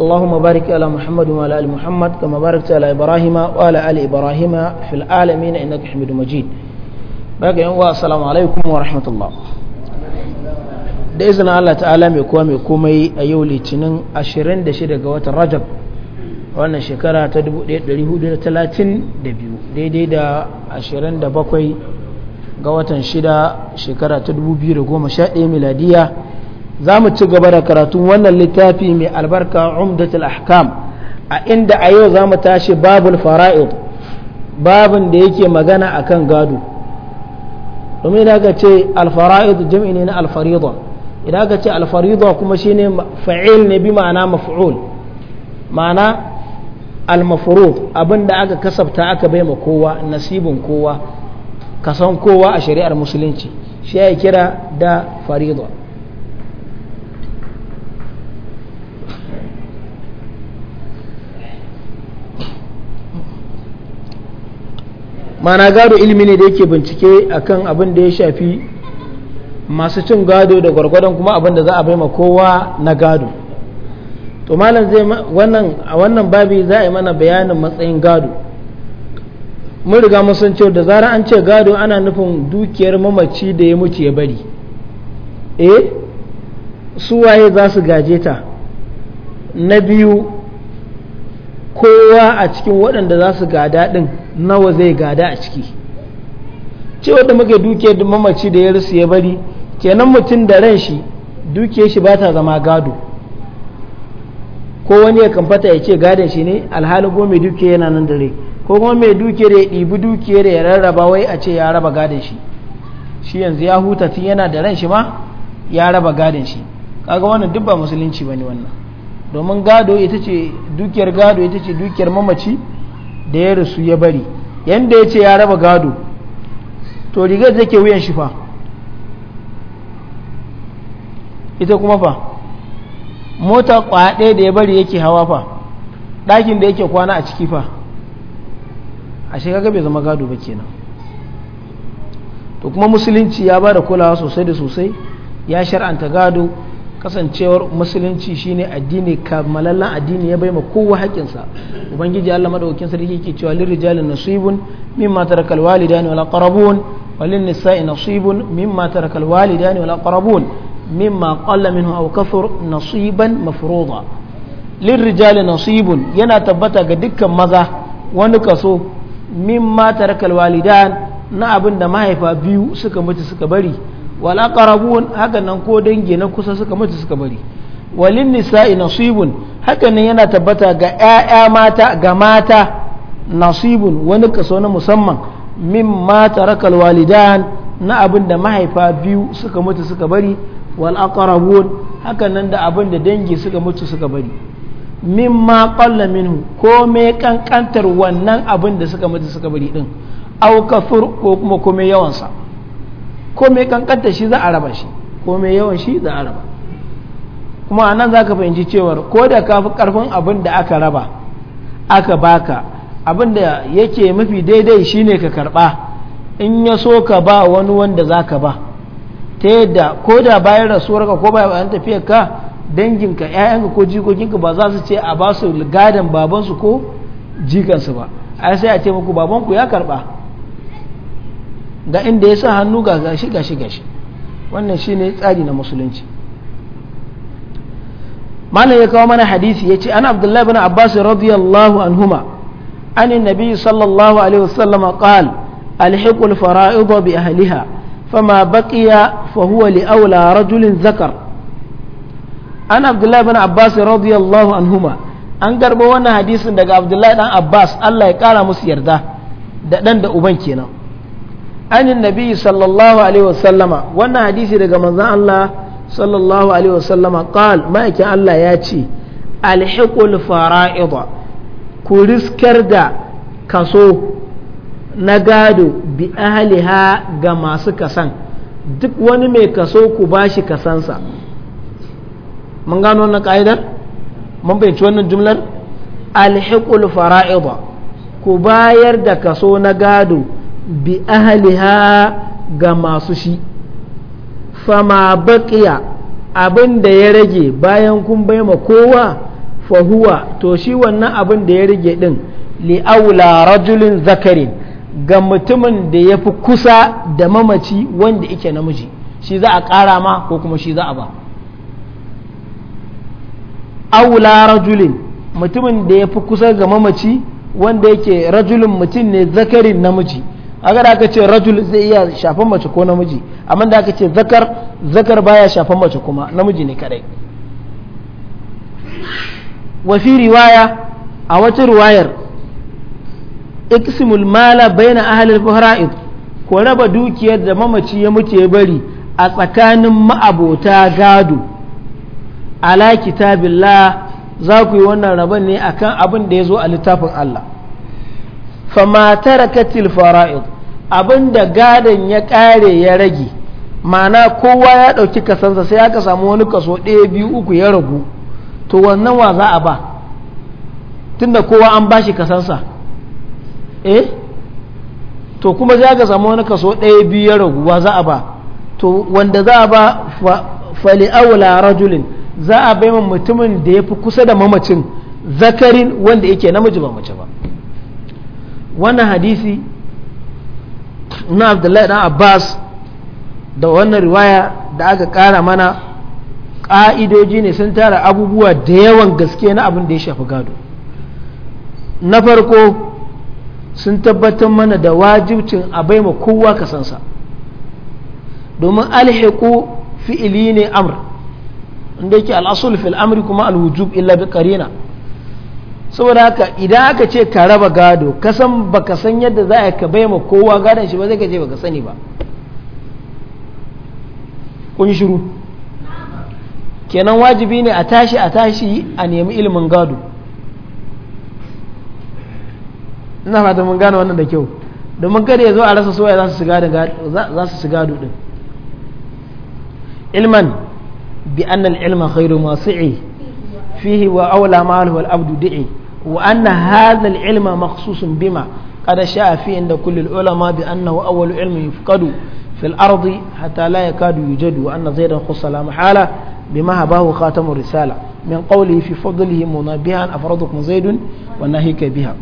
اللهم بارك على محمد وعلى ال محمد كما باركت على ابراهيم وعلى ال ابراهيم في العالمين انك حميد مجيد باقي السلام عليكم ورحمه الله da izinin Allah ta'ala mai kowa mai komai a yau litinin 26 ga watan rajab wannan shekara ta 1432 daidai da 27 ga watan 6 shekara ta 2011 miladiya za mu ci gaba da karatun wannan littafi mai albarka umdatul ahkam a inda a yau za mu tashi babul fara'id babin da yake magana akan gado domin idan ka ce alfara'id jam'i ne na alfarida idan ka ce alfarida kuma shine fa'il ne bi ma'ana maf'ul ma'ana almafrud abinda aka kasafta aka bai ma kowa nasibin kowa kasan kowa a shari'ar musulunci shi ya kira da farida mana gado ilimi ne da yake bincike akan abin da ya shafi masu cin gado da gwargwadon kuma abin da za a ma kowa na gado to malam zai wannan a wannan babi za a yi mana bayanin matsayin gado mun riga mun san cewa da zarar an ce gado ana nufin dukiyar mamaci da ya mutu ya bari eh su waye za su gaje ta na biyu kowa a cikin waɗanda za su gada ɗin nawa zai gada a ciki ce wadda muke dukiyar da mamaci da ya rusu ya bari kenan mutum da ran shi dukiyar shi ba ta zama gado ko wani ya kamfata ya ce gadon shi ne alhali ko mai duke yana nan da ko kuma mai dukiyar ya ɗibi dukiyar ya rarraba wai a ce ya raba gadon shi shi yanzu ya huta tun yana da ran shi ma ya raba gadon shi kaga wannan duk ba musulunci bane wannan domin gado ita ce dukiyar gado ita ce dukiyar mamaci da ya rasu ya bari yadda ya ce ya raba gado to rigar da ke wuyan shi fa ita kuma fa mota kwaɗe da ya bari yake hawa fa ɗakin da yake kwana a ciki fa a shekaga bai zama gado ba kenan to kuma musulunci ya ba da kulawa sosai da sosai ya shar'anta gado kasancewar musulunci shine addini kamalallan addini ya baima kowa haƙinsa ubangiji Allah madaukakin sarki ke cewa lirrijalin nasibun mimma tarakal walidani wal aqrabun walin nisa'i nasibun mimma tarakal walidani wal aqrabun mimma qalla minhu aw kathur nasiban mafruḍa lirrijalin nasibun yana tabbata ga dukkan maza wani kaso mimma tarakal walidan na abin da mahaifa biyu suka mutu suka bari wala qarabun hakan nan ko dangi na kusa suka mutu suka bari walin nisa'i nasibun hakan nan yana tabbata ga yaya mata ga mata nasibun wani kaso na musamman min mimma tarakal walidan na abin da mahaifa biyu suka mutu suka bari wal aqrabun hakan nan da abin da dangi suka mutu suka bari mimma qalla minhu ko me kankantar wannan abin da suka mutu suka bari din aw kafur ko kuma kome yawansa ko kankanta shi za a raba shi ko yawan shi za a raba kuma nan za ka fahimci cewar ko da ka fi karfin abin da aka raba aka baka abin da yake mafi daidai shine ka karba in ya so ka ba wani wanda za ka ba ta yadda ko da bayan rasuwarka ko bayan tafiyar ka danginka ‘ya'yanka ko jikokinka ba za su ce a ba su gadon babansu ko jikansu ba ai sai a ce muku babanku ya karba ga inda ya sa hannu ga gashi gashi gashi wannan ne tsari na musulunci malam ya kawo mana hadisi ya ce ana abdullahi bin abbas radiyallahu anhuma an nabi sallallahu alaihi wasallam qal alhiqul alfara'id bi ahliha fama baqiya fa huwa li awla rajulin zakar an abdullahi bin abbas radiyallahu anhuma an garba wannan hadisin daga abdullahi dan abbas Allah ya kara musu yarda da dan da uban kenan anin nabi sallallahu alaihi wasallama wannan hadisi daga manzon Allah sallallahu alaihi wasallama qal ma'aikin Allah ya ce alhiqul fara'ida ku riskar da kaso na gado bi ahliha ga masu kasan duk wani mai kaso ku bashi kasansa mun gano wannan ka'idar mun fahimci wannan jumlar alhiqul fara'ida ku bayar da kaso na gado bi ahliha ga masu shi fama baqiya abin da ya rage bayan kun ma kowa fahuwa to shi wannan abin da ya rage din li'aula rajulin zakarin ga mutumin da ya fi kusa da mamaci wanda yake namiji shi za a ƙara ma ko kuma shi za a ba aula rajulin mutumin da ya fi kusa ga mamaci wanda yake rajulin mutum ne zakarin namiji agar da aka ce rajul zai iya shafan mace ko namiji amma da aka ce zakar zakar baya shafan mace kuma namiji ne kadai wa fi riwaya a wata riwayar iksimul mala baina ahalin fuhra'id ko raba dukiyar da mamaci ya mutu ya bari a tsakanin ma'abota gado ala kitabillah za ku yi wannan rabon ne akan abin da ya zo a littafin Allah fama tarakatil fara'id abinda gadon ya kare ya rage ma'ana kowa ya ɗauki kasansa sai aka samu wani kaso ɗaya biyu uku ya ragu to wannan wa za a ba tunda kowa an ba shi kasansa eh to kuma za ka samu wani kaso ɗaya biyu ya ragu wa za a ba to wanda za a ba fali awla rajulin za a bai mutumin da ya fi kusa da mamacin zakarin wanda yake namiji ba mace ba wannan hadisi na abdullahi dan abbas da wannan riwaya da aka kara mana ƙa'idoji ne sun tara abubuwa da yawan gaske na abin da ya shafi gado na farko sun tabbatar mana da wajibcin a ma kowa kasansa domin alhiku fi'ili ne amr inda yake al'asul fil amri kuma alwujub illa bi karina saboda haka idan aka ce ka raba gado kasan baka san yadda za a ka bai ma kowa gadon shi ba zai ka ce baka sani ba kun shiru kenan wajibi ne a tashi a tashi a nemi ilimin gado ina fata mun gane wannan da kyau domin kada ya zo a rasa soya za su gado din ilman bi annal ilma khairu masu'i fihi wa aula ma wal abdu da'i وأن هذا العلم مخصوص بما قد شاء في عند كل العلماء بأنه أول علم يفقد في الأرض حتى لا يكاد يوجد وأن زيدا خص لا محالة بما هباه خاتم الرسالة من قوله في فضله منبها أفرادكم زيد وناهيك بها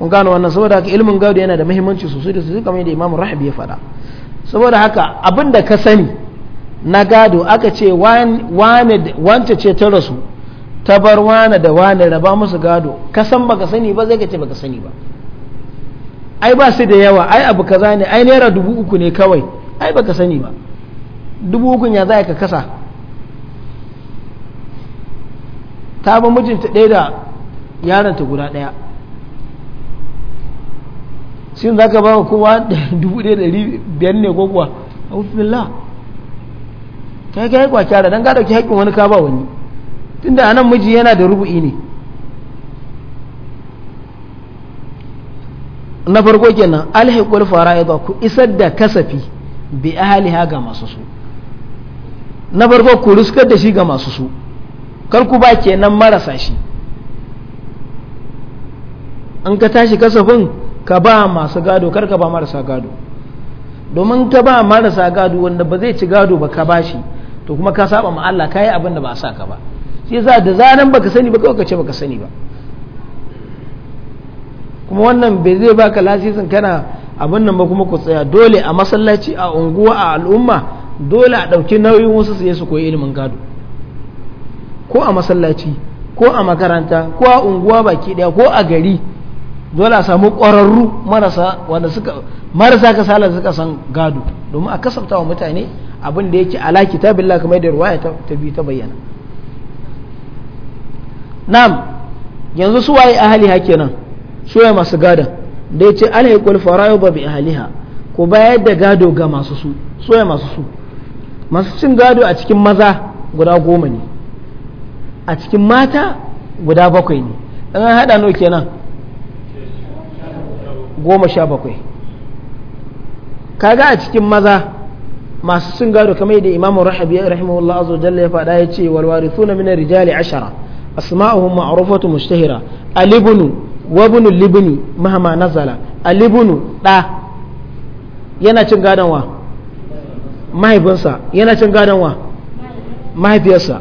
mun gano wannan saboda haka ilimin gado yana da muhimmanci sosai da sosai kamar yadda imamu rahab ya faɗa saboda haka abin da ka sani na gado aka ce wance ce ta rasu ta bar wane da wane raba musu gado ka san baka sani ba zai ka ce baka sani ba ai ba su da yawa ai abu kaza ne ai naira dubu uku ne kawai ai baka sani ba dubu uku ya za ka kasa ta ba mijinta ɗaya da yaronta guda ɗaya shin za ka ba wa kowa dubu ɗaya da ɗari biyar ne ko kuwa a la ta yi ka kwa kyara don gada ɗauki haƙƙin wani ka ba wani tunda anan miji yana da rubu'i ne na farko kenan alhiqul fara'ida ku isar da kasafi bi ga masu su na farko ku riskar da shi ga masu su kar ku ba kenan marasa shi an ka tashi kasafin ka ba masu gado kar ka ba marasa gado domin ka ba marasa gado wanda ba zai ci gado ba ka ba shi to kuma ka saba ma Allah ka yi abin da ba sa ka ba shi yasa da zanen baka sani ba kawai ka ce baka sani ba kuma wannan bai zai baka lasisin kana abin nan ba kuma ku tsaya dole a masallaci a unguwa a al'umma dole a ɗauki nauyin wasu su su koyi ilimin gado ko a masallaci ko a makaranta ko a unguwa baki ɗaya ko a gari dole a samu ƙwararru marasa wanda suka marasa kasala suka san gado domin a kasafta wa mutane abin da yake ta ta kamar da ruwaya ta biyu ta bayyana na'am yanzu su waye ahliha kenan su waye masu gadon da yace farayu ba bi ahliha ko bayar da gado ga masu su su waye masu su masu cin gado a cikin maza guda goma ne a cikin mata guda bakwai ne an haɗa nawa kenan goma sha bakwai kaga a cikin maza masu cin gado kamar yadda imamu rahabi rahimahullah azza jalla ya faɗa ya ce walwarithuna warithuna min rijali ashara asma'uhum ma'rufatu mushtahira alibnu wa ibnu libni mahama nazala alibnu da yana cin gadon wa mahaifinsa yana cin gadon wa mahaifiyarsa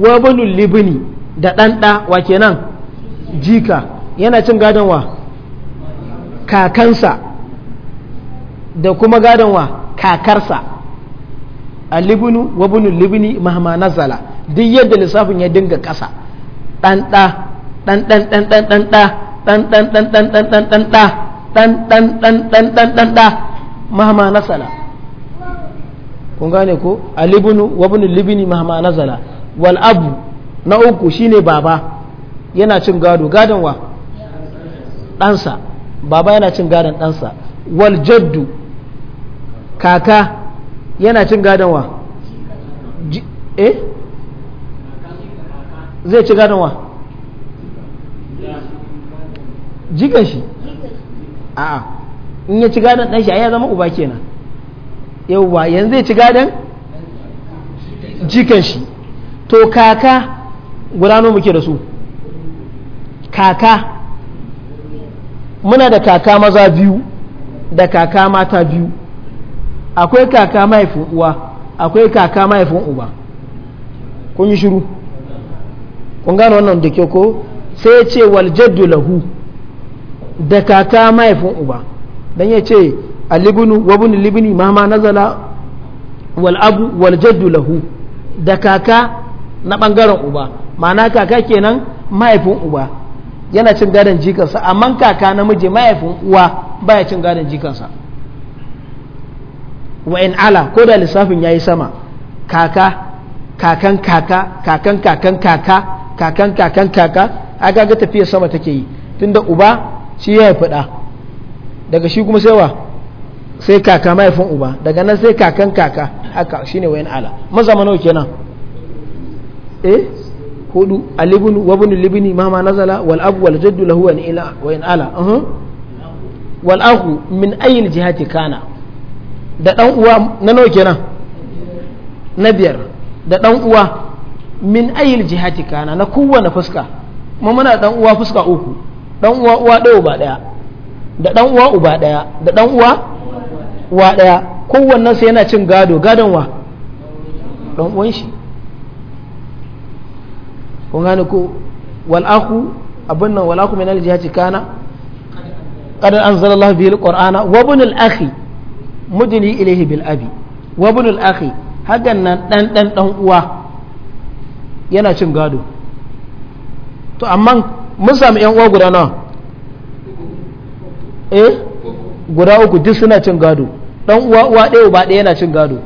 wa ibnu da dan da wa kenan jika yana cin gadon wa kakansa da kuma gadon wa kakarsa alibnu wa ibnu libni mahama nazala duk yadda lissafin ya dinga ƙasa ɗan ɗa ɗan ɗan ɗan ɗan ɗan ɗa ɗan ɗan ɗan ɗan ɗan ɗan ɗan ɗa ɗan ɗan ɗan ɗan ɗan ɗan ɗa mahama nasala kun gane ko wa mahama wal abu na uku shine baba yana cin gado gadon wa ɗansa baba yana cin gadon ɗansa wal jaddu kaka yana cin gadon wa eh zai ci wa jikan shi a'a in ya ci gadon ɗan shi a ya zama uba kenan yauwa yanzu zai ci gadon jikan shi to kaka gudano muke da su kaka muna da kaka maza biyu da kaka mata biyu akwai kaka mahaifin uwa akwai kaka mahaifin uba kun yi shiru kun gano wannan da ke ko sai ya ce wal jaddu lahu da kaka mahaifin uba dan ya ce alibnu wa ibn libni ma ma nazala wal abu wal jaddu lahu da kaka na bangaren uba ma'ana kaka kenan mahaifin uba yana cin gadon jikansa amma kaka namiji mahaifin uwa baya cin gadon jikansa wa in ala ko da lissafin yayi sama kaka kakan kaka kakan kakan kaka kakan kakan kaka a kaga tafiyar sama take yi tunda uba shi ya yi ɗa daga shi kuma sai wa sai kaka mahaifin uba daga nan sai kakan kaka haka shine wayan ala maza mana nan. eh hudu alibun wabun libini libni ma ma nazala wal abu wal jaddu lahu an ila wayan ala uh wal ahu min ayin jihati kana da dan uwa na nawa kenan na biyar da dan uwa min ayil jihati kana na kowane fuska mu muna dan uwa fuska uku dan uwa uwa ɗaya uba ɗaya da dan uwa uba ɗaya da dan uwa uwa ɗaya kowannen sai yana cin gado gadon wa dan uwan shi kun gane ko wal aku abin nan wal aku min al jihati kana qad anzala Allah bihi al qur'ana wa bunul akhi mudni ilayhi bil abi wa bunul akhi hagan nan dan dan dan uwa yana cin gado to amma mun sami yan uwa guda nawa eh guda uku duk suna cin gado dan uwa uwa ɗaya uba ɗaya yana cin gado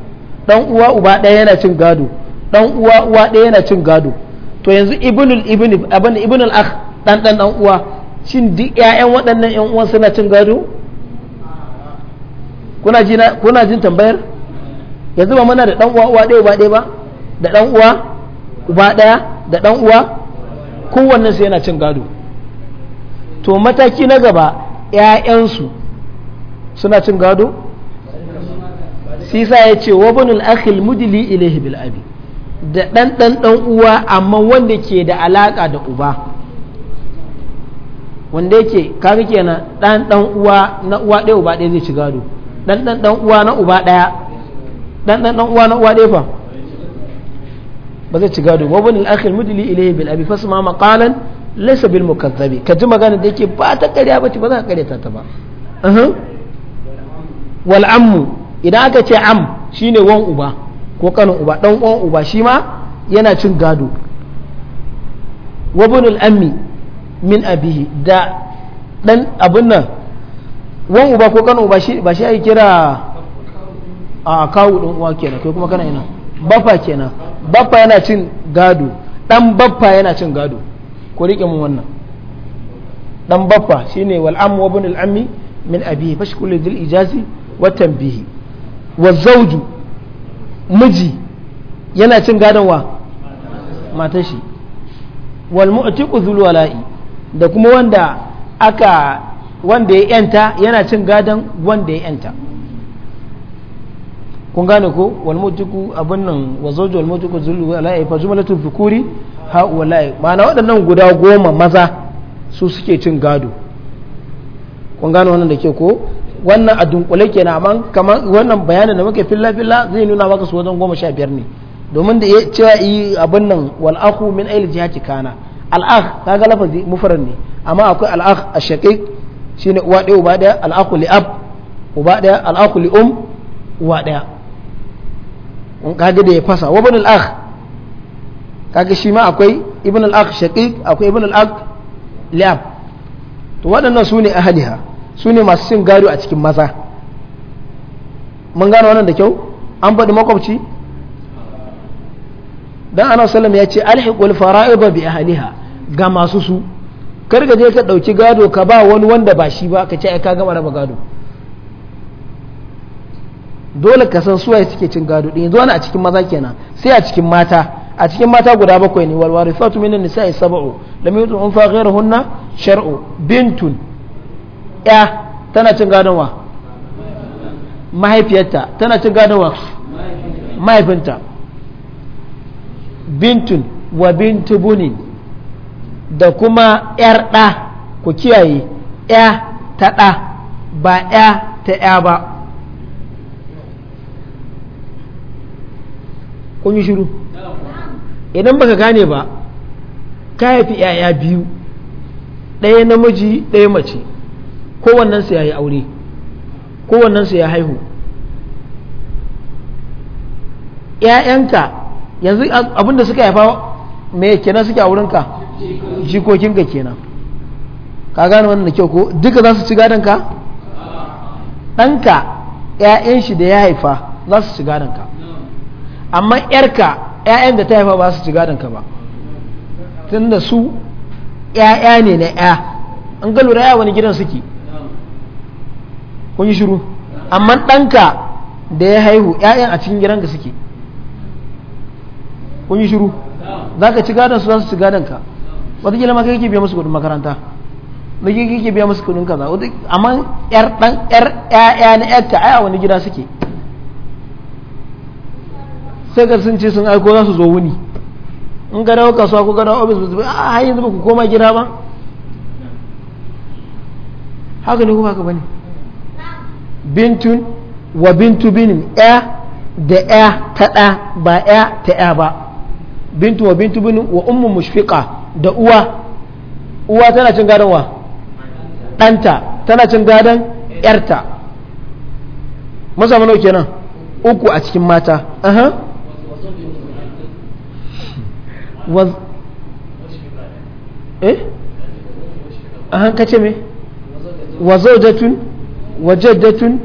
dan uwa uba ɗaya yana cin gado dan uwa uwa ɗaya yana cin gado to yanzu ibnul ibn abin ibnul akh dan dan dan uwa shin duk ƴaƴan waɗannan ƴan uwan suna cin gado kuna jin kuna jin tambayar yanzu ba muna da dan uwa uwa ɗaya uba ɗaya ba da dan uwa uba ɗaya da ɗan uwa kowannen su yana cin gado to mataki na gaba ‘ya'yansu suna cin gado sisa ya ce wa bunul akhil mudili ilaihi bil abi da ɗan ɗan ɗan uwa amma wanda ke da alaƙa da uba wanda yake kaga kenan ɗan ɗan uwa na uwa ɗaya uba ɗaya zai ci gado ɗan ɗan ɗan uwa na uba ɗaya ɗan ɗan ɗan uwa na uwa ɗaya fa ba zai ci gado ba wani al'akhir mudili ilayhi bil abi fasma maqalan laysa bil mukazzabi ka ji magana da yake ba ta ƙarya ba ba za ka ƙaryata ta ba wal ammu idan aka ce am shine wan uba ko kanin uba dan uwan uba shi ma yana cin gado wa bunul ammi min abihi da dan abun nan wan uba ko kanin uba shi ba shi ai kira a kawu din uwa kenan kai kuma kana ina bafa kenan baffa yana cin gado dan baffa yana cin gado ku rike mun wannan dan baffa shine wal ammu wa bunul ammi min abihi fashkul dil ijazi wa tanbihi wa zawju miji yana cin gadon wa matar shi wal mu'tiqu dhul wala'i da kuma wanda aka wanda ya yanta yana cin gadon wanda ya yanta kun gane ko wal mutiku abin nan wa zawju wal mutiku zulu wala fa jumlatul fukuri ha walai ma'ana waɗannan guda goma maza su suke cin gado kun gane wannan da ke ko wannan a dunkule kenan amma kamar wannan bayanin da muke filla filla zai nuna maka su wajen goma sha biyar ne domin da ya cewa yi abin nan wal akhu min ayl jihati kana al akh kaga lafazi mufrad ne amma akwai al akh ashaqiq shine uwa ɗaya uba ɗaya al akhu li ab uba ɗaya al akhu li um uwa ɗaya in kage da ya fasa wa ibn al-akh kaga shi ma akwai ibn al-akh shaqiq akwai ibn al-akh liab to waɗannan su ne ahliha su ne masu cin gado a cikin maza mun gano wannan da kyau an faɗi makwabci dan ana sallama ya ce alhiqul fara'id bi ahliha ga masu su kar ka je ka dauki gado ka ba wani wanda ba shi ba ka ce ai ka gama raba gado dole ka san suwaye suke cin gado din yanzu wani a cikin maza kenan sai a cikin mata a cikin mata guda bakwai ne wal warithatu minan nisa'i sab'u lam yutu unfa ghayruhunna shar'u bintun ya tana cin gadon wa mahaifiyarta tana cin gadon wa mahaifinta bintun wa bintu bunin da kuma yar 'da ku kiyaye ya ta da ba ya ta ya ba kun yi shiru idan baka gane ba ka haifi yaya biyu ɗaya namiji ɗaya mace kowannen su yayi aure kowannen su ya haihu ‘ya'yanka yanzu abinda suka haifa mai kenan suke a wurinka jikokinka kenan ka gane wannan kyau ko duka za su ci gadonka ɗanka ‘ya'yan shi da ya haifa za su ci gadonka amma yarka ƴaƴan da ta haifa ba su ci gadon ka ba tunda su ƴaƴa ne na ƴa an ga lura wani gidan suke kun yi shiru amma ɗanka da ya haihu ƴaƴan a cikin gidan ka suke kun yi shiru za ka ci gadon su za su ci gadon ka wataƙila ma kake biya musu kuɗin makaranta da kake biya musu kuɗin kaza amma ƴar ɗan ƴar ƴaƴa na ƴarka ai a wani gida suke sai ga sun ce sun aiko za su zo wuni in ga dawo kasuwa ko ga dawo ofis ba a hanyar zuba ba ku koma gida ba haka ne kuma haka bane bintun wa bintu binin ya da ya ta ɗa ba ya ta ya ba bintu wa bintu binin wa ummu mushfiqa da uwa uwa tana cin gadon wa ɗanta tana cin gadon yarta maza mana kenan uku a cikin mata waz eh a hankace me wazojatun wajajjatun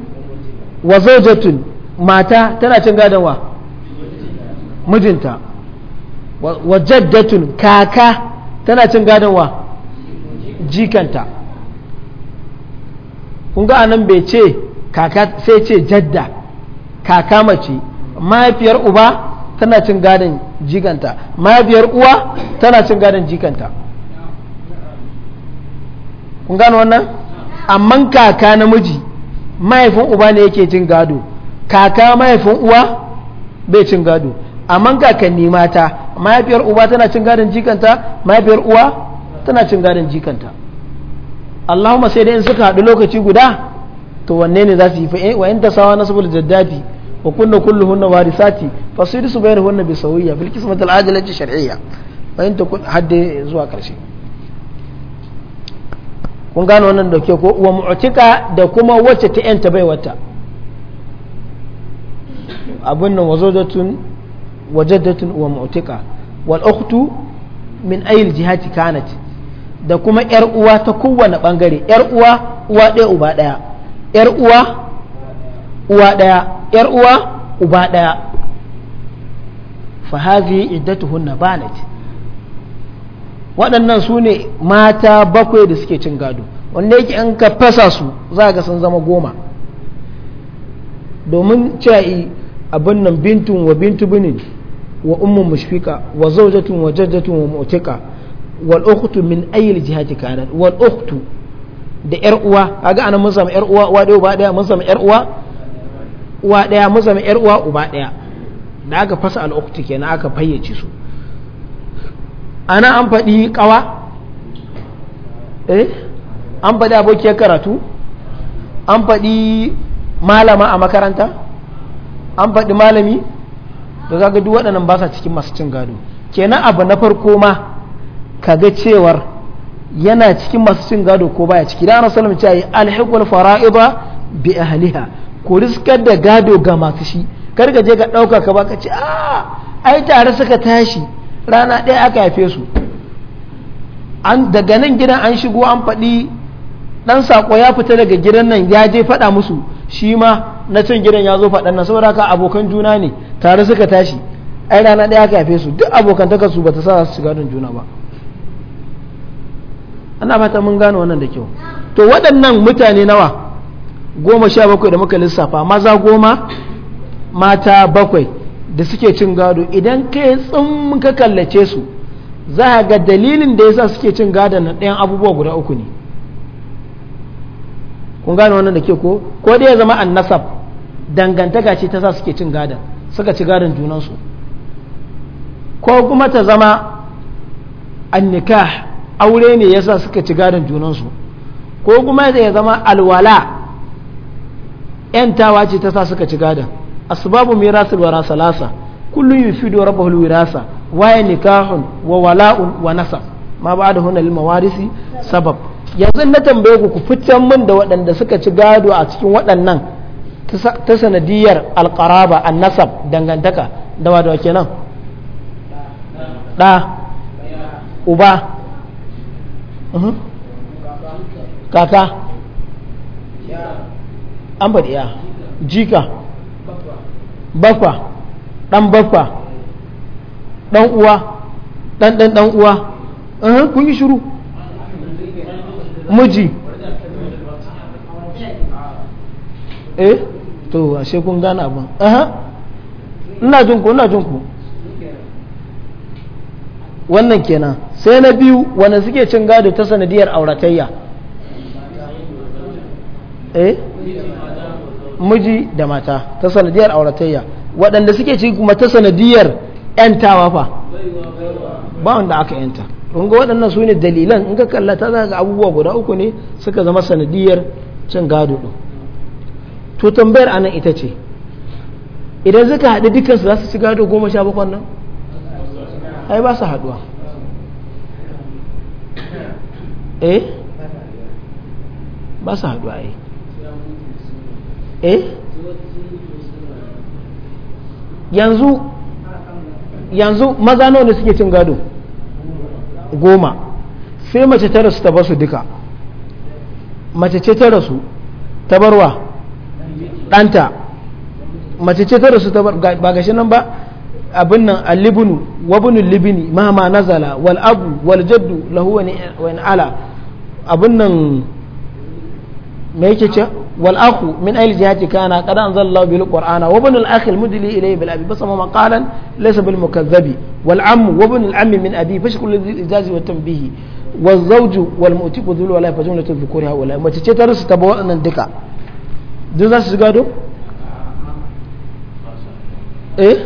wazojatun mata tana cin gadon wa mijinta wajajjatun kaka tana cin gadon wa jikanta kun ga anan bai ce kaka sai ce jadda kaka mace mahaifiyar uba tana cin gadon jikanta mahaifiyar uwa tana cin gadon jikanta kun gano wannan amma kaka namiji mahaifin uba ne yake cin gado kaka mahaifin uwa bai cin gado amma kakanni mata mahaifiyar uba tana cin gadon jikanta mahaifiyar uwa tana cin gadon jikanta Allahumma sai dai in suka haɗu lokaci guda to wanne ne za su yi fa'e eh, wa in ta sawa nasibul jaddadi wa kunna kulluhunna warisati fasidu su bayar hunna bi sawiyya fil qismatil ajilati shar'iyya bayan ta hadde zuwa karshe kun gane wannan da ko wa mu'tika da kuma wacce ta yanta baiwata abin nan wazodatun wajaddatun wa mu'tika wal min ayil jihati kanat da kuma yar uwa ta kowane bangare yar uwa uwa ɗaya uba ɗaya yar uwa uwa ɗaya yar uwa uba daya fa hazi iddatuhunna banat waɗannan su ne mata bakwai da suke cin gado wanda yake an ka fasa su za ga sun zama goma domin cewa abin nan bintun wa bintu binin wa ummu mushfika wa zaujatun wa jaddatun wa mu'tika wal ukhtu min ayi jihati kanat wal ukhtu da yar uwa kaga anan mun samu yar uwa uwa da uba daya mun samu yar uwa uwa ɗaya mu zama yar uwa uba ɗaya da aka fasa al'ukti kenan aka fayyace su ana an faɗi ƙawa eh an faɗi abokiyar karatu an faɗi malama a makaranta an faɗi malami da kaga duk waɗannan ba sa cikin masu cin gado kenan abu na farko ma kaga cewar yana cikin masu cin gado ko baya ciki da ana rasulun cewa alhiqul fara'iba bi ahliha ku riskar da gado ga masu shi kar ka je ka ɗauka ka baka ce a ah, ai tare suka tashi rana ɗaya aka haife su daga nan gidan an shigo an faɗi ɗan saƙo ya fita daga gidan nan ya je faɗa musu shi ma na can gidan ya zo faɗan nan saboda haka abokan juna ne tare suka tashi ai rana ɗaya aka haife su duk abokantakar su bata sa su shiga don juna ba ana fata mun gano wannan da kyau to waɗannan mutane nawa goma sha bakwai da muka lissafa maza goma mata bakwai da suke cin gado idan kai tsin ka kallace su za a ga dalilin da yasa suke cin gado na ɗayan abubuwa guda uku ne kun gane wannan da ke ko ko dai ya zama annasab dangantaka ce ta sa suke cin gadon suka ci gadon junansu ko kuma ta zama annikah aure ne sa suka ci gadon junansu ko kuma ya zama alwala yantawa ce ta sa suka ci gadan asbabu mirasul wara salasa kullu yufidu rabbahu alwirasa wa nikahun wa wala'un wa nasab ma ba'da huna lil mawarisi sabab yanzu na tambaye ku ku fitan min da waɗanda suka ci gado a cikin waɗannan ta sanadiyar alƙaraba an nasab dangantaka da wadawa kenan da uba mhm. kaka an faɗi jika bakwa ɗan bakwa ɗan uwa ɗan ɗan ɗan uwa eh, kun yi shiru miji eh to ashe kun gane abin eh ina jin ku ina jin ku wannan kenan sai na biyu wanda suke cin gado ta sanadiyar auratayya eh miji da mata ta sanadiyar auratayya waɗanda suke ciki kuma ta sanadiyar 'yantawa fa ba wanda aka 'yanta kun ga waɗannan su ne dalilan in ka kalla ta ga abubuwa guda uku ne suka zama sanadiyar cin gado ɗin to tambayar anan ita ce idan suka haɗu dukansu za su ci gado goma sha bakwai nan ai ba su haɗuwa eh ba su haɗuwa eh eh yanzu yanzu maza nawa ne suke cin gado goma sai mace ta rasu ta bar su duka mace ce ta rasu ta barwa ɗanta mace ce ta rasu ta bar ba gashi nan ba abin nan alibinu wabinu libini mama nazala wal abu wal jaddu lahu wa ala abin nan me yake ce والأخ من أي الجهات كان قد أنزل الله به القرآن وابن الأخ المدلي إليه بالأبي بصم مقالا ليس بالمكذب والعم وابن العم من أبيه فشكل الإجاز والتنبيه والزوج والمؤتيك ذو الولاء فجملة الذكور هؤلاء ما تترس تبوا أن ندكا دوزا سيغادو إيه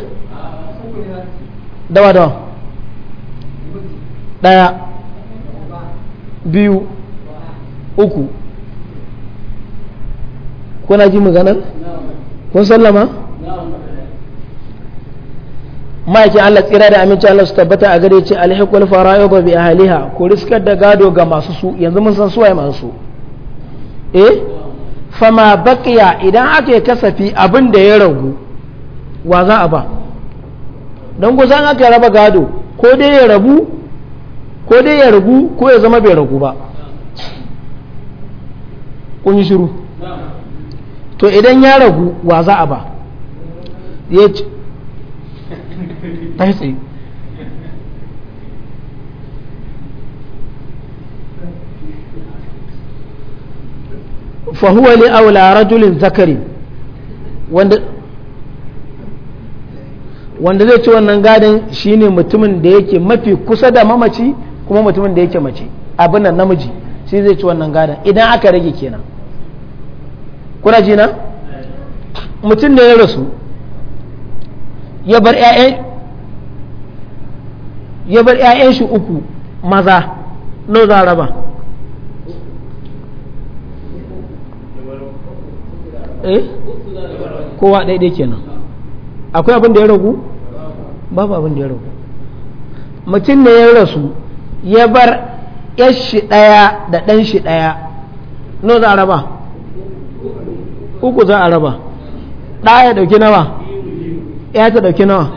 دوا دوا دايا بيو أكو kuna ji maganar kun sallama ma'aikin Allah tsira da aminci Allah su tabbata a gare ce alhiqul fara'id bi ahliha ko riskar da gado ga masu su yanzu mun san suwaye masu su eh fama baqiya idan aka yi kasafi abin da ya ragu wa za a ba don zan aka raba gado ko dai ya rabu ko dai ya ragu ko ya zama bai ragu ba kun yi shiru to idan ya ragu wa za a ba ya ce tsaye fahuwa li a rajulin zakari wanda wanda zai ci wannan shi shine mutumin da yake mafi kusa da mamaci kuma mutumin da yake mace abin nan namiji shi zai ci wannan gadin idan aka rage kenan kuna jina mutum ne ya rasu ya bar 'ya'yan shi uku maza no zaraba raba eh kowa daidai kenan akwai abin da ya ragu babu abin da ya ragu mutum ne ya rasu ya bar 'yan shi ɗaya da ɗan shi ɗaya no zaraba. uku za a raba ɗa ya ɗauki nawa ya ta ɗauki nawa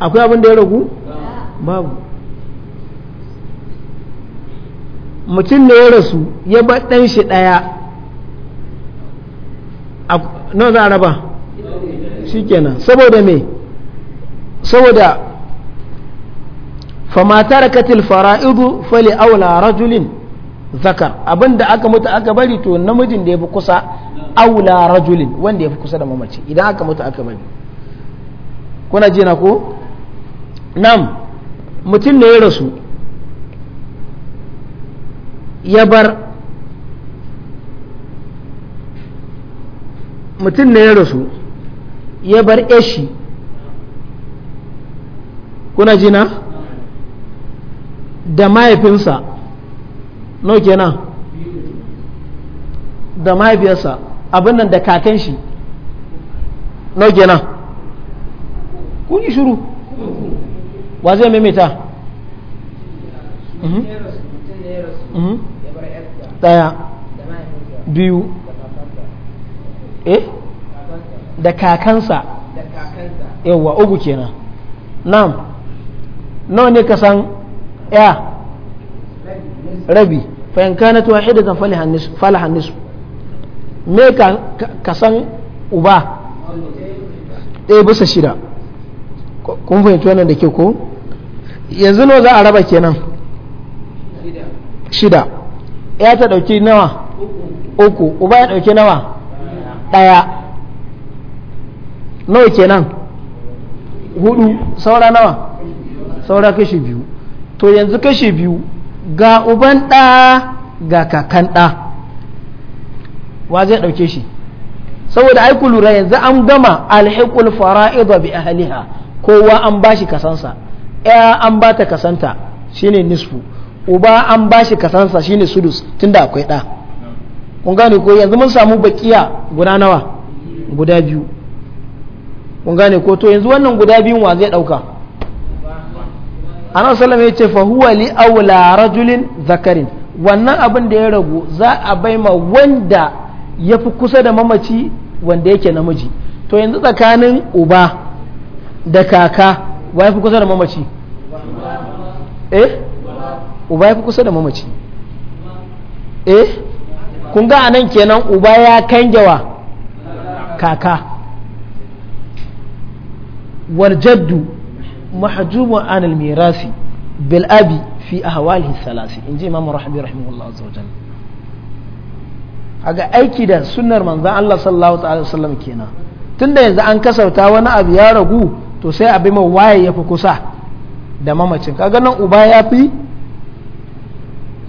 akwai abin da ya ragu babu mutum da ya rasu ya bar ɗan shi ɗaya Nan za a raba shi kenan saboda me saboda famatar katil fara'idu fali aula rajulin zakar abin da aka mutu aka bari to namijin da ya fi kusa aula rajulin wanda ya fi kusa da mamaci idan aka mutu aka bari kuna ji na ko nam mutum ne ya rasu ya bar mutum ne ya rasu ya bar eshi kuna ji na da mahaifinsa no kenan da mahaifiyarsa abin nan da kakan shi no kenan kun yi shuru wa zai maimaita mhm. Mhm. daya biyu eh da kakansa yawwa ugu kenan nam nawa ne ka san ya rabi fa in tuwa wahidatan falaha nisfu me ka san uba ɗaya bisa shida kun fahimci wannan da ke ko yanzu nawa za a raba kenan shida ya ta ɗauki nawa uku uba ya ɗauki nawa ɗaya nawa kenan hudu saura nawa saura kashi biyu to yanzu kashi biyu ga uban ɗa ga kakan ɗa wa zai ɗauke shi saboda ai ku lura yanzu an gama alhiqul fara'id bi ahliha kowa an bashi kasansa ya an bata kasanta shine nisfu uba an bashi kasansa shine sudus tunda akwai da kun gane ko yanzu mun samu bakiya guda nawa guda biyu kun gane ko to yanzu wannan guda biyun wa zai dauka anan sallama ya ce fa huwa li awla rajulin zakarin wannan abin da ya ragu za a baima wanda ya fi kusa da mamaci wanda yake namiji to yanzu tsakanin uba da kaka wa ya fi kusa da mamaci eh uba ya fi kusa da mamaci eh kun ga anan kenan uba ya kangewa kaka wal jaddu an al mirasi bil abi fi ahwalihi salasi inji imam rahbi rahimahullah azza wa jalla A ga aiki da sunnar manzan Allah sallallahu alaihi wasallam kenan tunda yanzu an kasauta wani abu ya ragu to sai abi mai waye ya fi kusa da mamacin kaga nan uba ya fi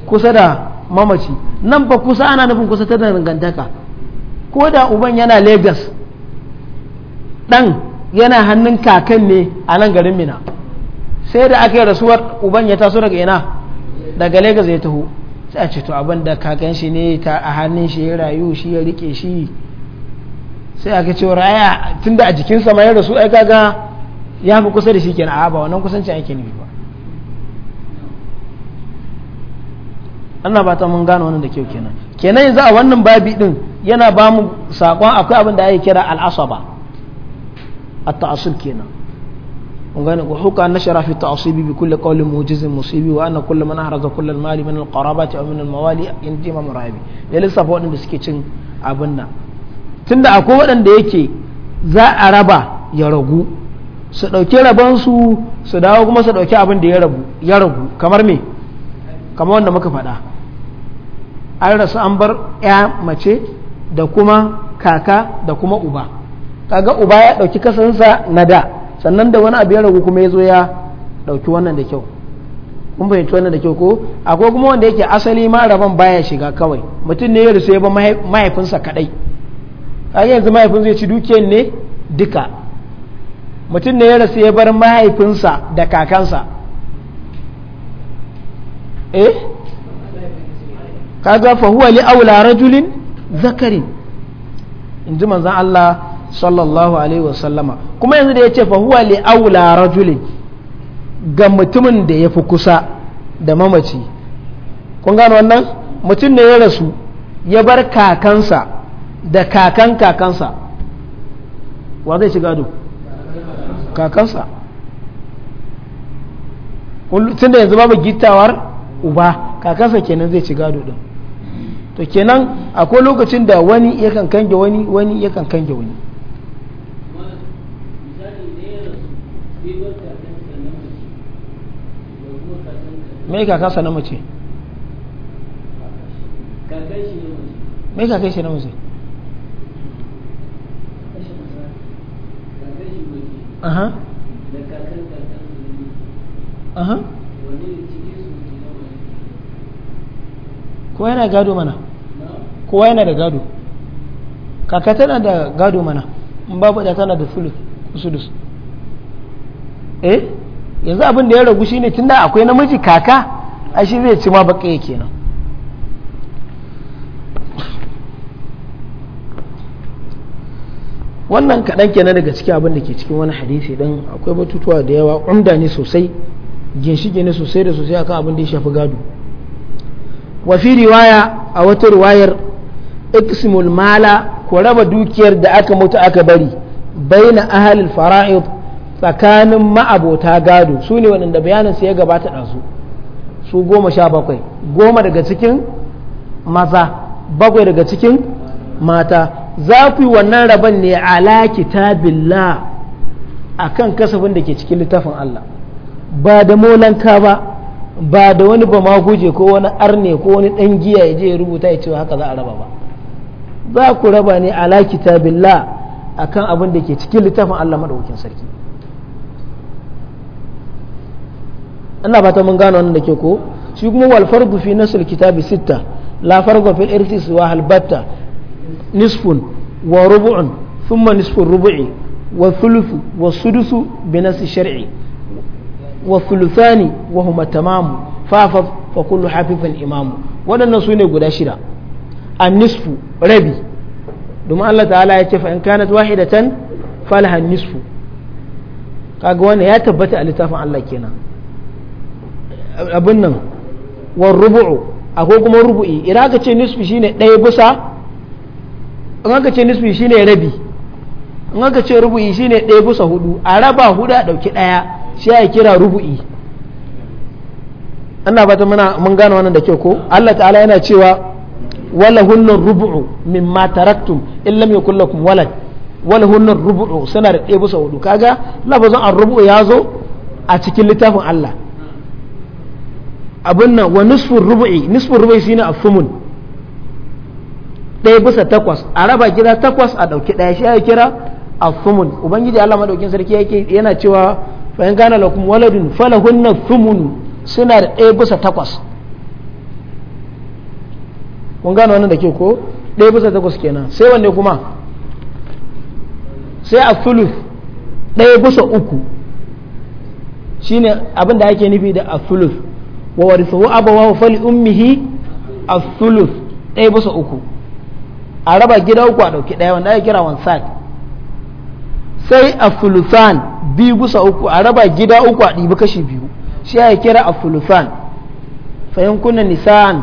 kusa da mamaci nan fa kusa ana nufin kusa ta dangantaka ko da uban yana Legas ɗan yana hannun kakan ne a nan garin Mina sai da aka yi rasuwar uban ya taso daga ina daga Legas ya taho sai a ce to abin da kakan shi ne ta a hannun shi ya rayu shi ya rike shi sai aka ce raya tun da a jikinsa ma da rasu ai kaga ya fi kusa da shi kenan a ba wannan kusancin ake nufi ba Allah ba ta mun gano wannan da kyau kenan kenan yanzu a wannan babi din yana ba mu sakon akwai abin da ake kira al'asaba at-ta'assub kenan ungana ko huka nashara fi ta'sibi bi kulli qawlin mujizin musibi wa anna kullu man ahraza kullu al-mali min al-qarabati aw min al-mawali in ji imam rabi ya lissafa waɗanda suke cin abin nan tunda akwai waɗanda yake za a raba ya ragu su ɗauki rabansu su dawo kuma su ɗauki abin da ya ragu kamar me kamar wanda muka faɗa an rasu an bar ya mace da kuma kaka da kuma uba kaga uba ya ɗauki kasansa na da sannan da wani abu ya ragu kuma ya zo ya ɗauki wannan da kyau kun fahimci wannan da kyau ko akwai kuma wanda yake asali ma rabon baya shiga kawai mutum ne ya rasu ya ba mahaifinsa kadai kage yanzu mahaifin zai ci dukiyar ne duka mutum ne ya rasu ya bar mahaifinsa da kakansa eh kaga fa huwa li aula rajulin zakarin in ji manzon Allah sallallahu alaihi wasallama kuma yanzu da ya ce fahuwa li aula rajulin ga mutumin da ya fi kusa da mamaci kun gano wannan mutum ne ya rasu ya bar kakansa da kakan kakansa wa zai shiga do kakansa tun da yanzu babu gittawar uba kakansa kenan zai shiga do din to kenan akwai lokacin da wani yakan kange wani wani yakan kange wani me na mace me shi na mace aha aha kowa yana gado mana kowa yana da gado kaka tana da gado mana in babu da tana da sulus eh yanzu abin da ya ragu shine tun da akwai namiji kaka a shi zai ci ma baƙi kenan wannan kaɗan kenan daga cikin abin da ke cikin wani hadisi dan akwai batutuwa da yawa umda ne sosai ginshi ne sosai da sosai akan abin da ya shafi gado wa fi riwaya a wata riwayar iksimul mala ko raba dukiyar da aka mutu aka bari baina ahalil fara'id tsakanin ma'abota gado su ne waɗanda bayaninsu ya gabata ɗansu su goma sha bakwai goma daga cikin maza bakwai daga cikin mata za ku yi wannan rabon ne ala billa a kan kasafin da ke cikin littafin Allah ba da molanka ba ba da wani ba ma guje ko wani arne ko wani ɗan giya ya je ya rubuta ya ce haka za a raba ba za ku raba ne ala billa a kan abin da ke cikin littafin Allah maɗaukin sarki ina ta mun gano wannan da ke ko shi kuma wal fardu fi nasl kitabi sitta la farqa fil irtis wa hal batta nisfun wa rubu'un thumma nisfun rubu'i wa thuluthu wa sudusu bi nasl shar'i wa thuluthani wa huma fa kullu hafifin imamu waɗannan su ne guda shida an nisfu rabi domin Allah ta'ala ya ce fa in kanat wahidatan falaha nisfu kaga wannan ya tabbata a littafin Allah kenan abin nan war rubu'u akwai kuma rubu'i idan aka ce nisfi shine ɗaya bisa in aka ce nisfi shine rabi in aka ce rubu'i shine ɗaya bisa hudu a raba hudu a ɗauki ɗaya sai a kira rubu'i Allah ba ta muna mun gane wannan da kyau ko Allah ta'ala yana cewa wala hunnun rubu'u mimma taraktum illa yakul lakum walad wala hunnun rubu'u suna da ɗaya bisa hudu kaga lafazin ar rubu'u ya zo a cikin littafin Allah abin nan wa nisfin rubu'i nisfin rubu'i shine afumun ɗaya bisa takwas a raba gida takwas a ɗauki ɗaya shi ya kira afumun ubangiji Allah madaukin sarki yake yana cewa fa in kana lakum waladun na fumun suna da ɗaya bisa takwas kun gane wannan da ke ko ɗaya bisa takwas kenan sai wanne kuma sai a thuluth ɗaya bisa uku shine abin da ake nufi da a thuluth wa warisuhu abawahu fali ummihi as-thuluth ɗaya bisa uku a raba gida uku a dauki ɗaya wanda ake kira wansat sai afulusan biyu bisa uku a raba gida uku a dibi kashi biyu shi ya kira afulusan fayin kunna nisa'an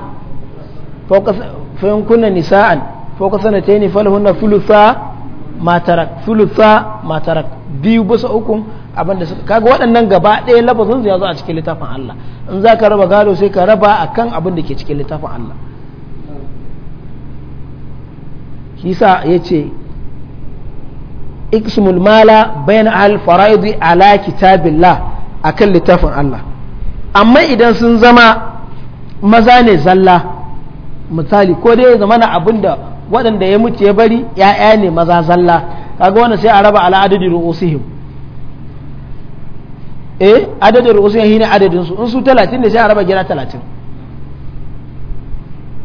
fayin kunna nisa'an fauka sanata ne falhunna fulusa matarak fulusa matarak biyu bisa uku abin da kaga waɗannan gaba ɗaya lafazin ya zo a cikin littafin Allah in za ka raba gado sai ka raba akan abin da ke cikin littafin Allah kisa ya ce iksimul mala bayan al alaki ala kitabillah kan littafin Allah amma idan sun zama maza ne zalla misali ko dai zama na abin da waɗanda ya mutu ya bari ‘ya'ya ne maza zalla kaga wanda sai a raba ala adadin ru'usihim eh adadin ru'usin shine adadin su in su 30 ne sai a raba gida 30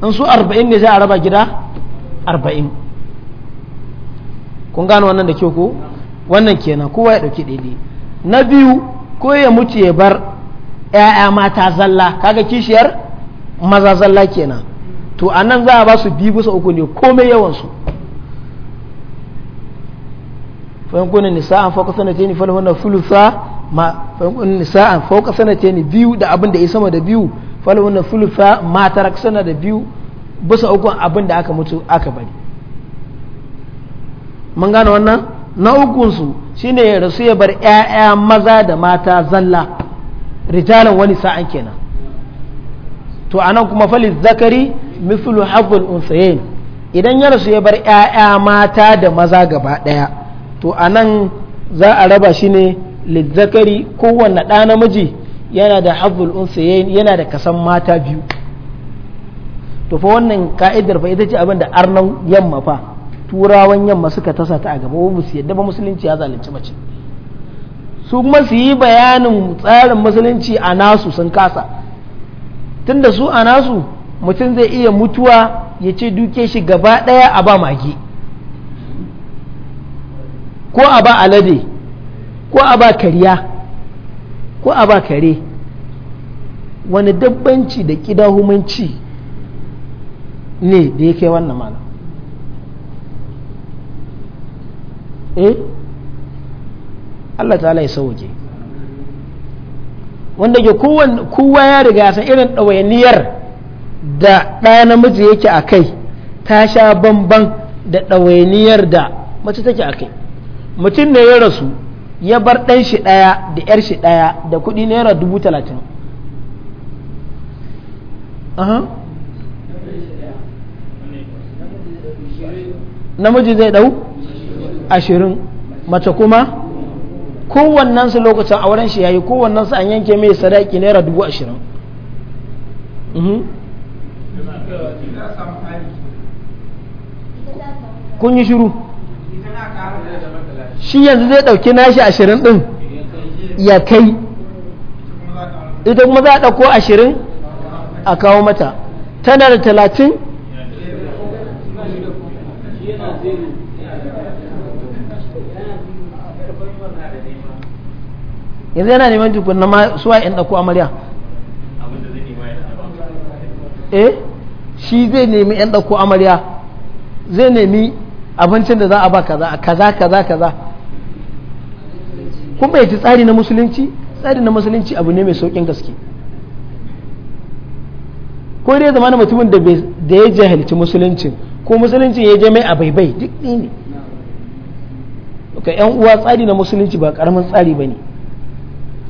in su 40 ne sai a raba gida 40 kun gano wannan da kyau ko wannan kenan kowa ya dauki daidai na biyu ko ya mutu ya bar ‘ya'ya mata zalla kaga kishiyar maza zalla kenan to a nan za a ba su bi bisa uku ne komai yawansu yankuna nisa an fa faƙa sanatini falhuna fulusa ma um, nisa'an fawqa sanatayn biyu da abin da ya sama da biyu falawna na ma tarak sana da biyu bisa uku abin da aka mutu aka bari mun gane wannan na ukunsu shine ya rasu ya bar 'ya'ya maza da mata zalla rijalan wani sa'an kenan to anan kuma fali zakari mithlu hadhul unsayin idan ya rasu ya bar 'ya'ya mata da maza gaba ɗaya to anan za a raba shi ne lizzakari kowanne ɗa namiji yana da hazzul unsayayin yana da kasan mata biyu to fa wannan ka'idar fa ita ce abin da arnan yamma fa turawan yamma suka tasa ta a gaba ko musu yadda ba musulunci ya zalunci mace su kuma su yi bayanin tsarin musulunci a nasu sun kasa tunda su a nasu mutum zai iya mutuwa ya ce duke shi gaba ɗaya a ba mage ko a ba alade ko a ba kariya ko a ba kare wani dabbanci da kidahumanci ne da ya kai wannan mana eh Allah ta'ala ya sauke wanda ke kowa ya riga san irin ɗawainiyar da ɗaya namiji yake a kai ta sha bamban da ɗawainiyar da mace take a kai mutum ne ya rasu ya bar ɗan shi ɗaya da ‘yar shi ɗaya da kuɗi naira dubu talatin namiji zai ɗau ashirin mace kuma kowannensu lokacin auren shi yayi kowannensu an yanke mai sadaki naira dubu ashirin mhm. kun yi shiru shi yanzu zai ɗauki nashi ashirin ɗin ya kai ita kuma za a ɗauko ashirin a kawo mata tana da talatin yanzu yana neman tukun na suwa in ɗauko amarya eh shi zai nemi yan ɗauko amarya zai nemi abincin da za a ba kaza kaza kaza kaza kun bayyaci tsari na musulunci tsari na musulunci abu ne mai saukin gaske ko dai zama mutumin da ya jahilci musuluncin ko musuluncin ya je mai a baibai duk ne ka yan uwa tsari na musulunci ba karamin tsari ba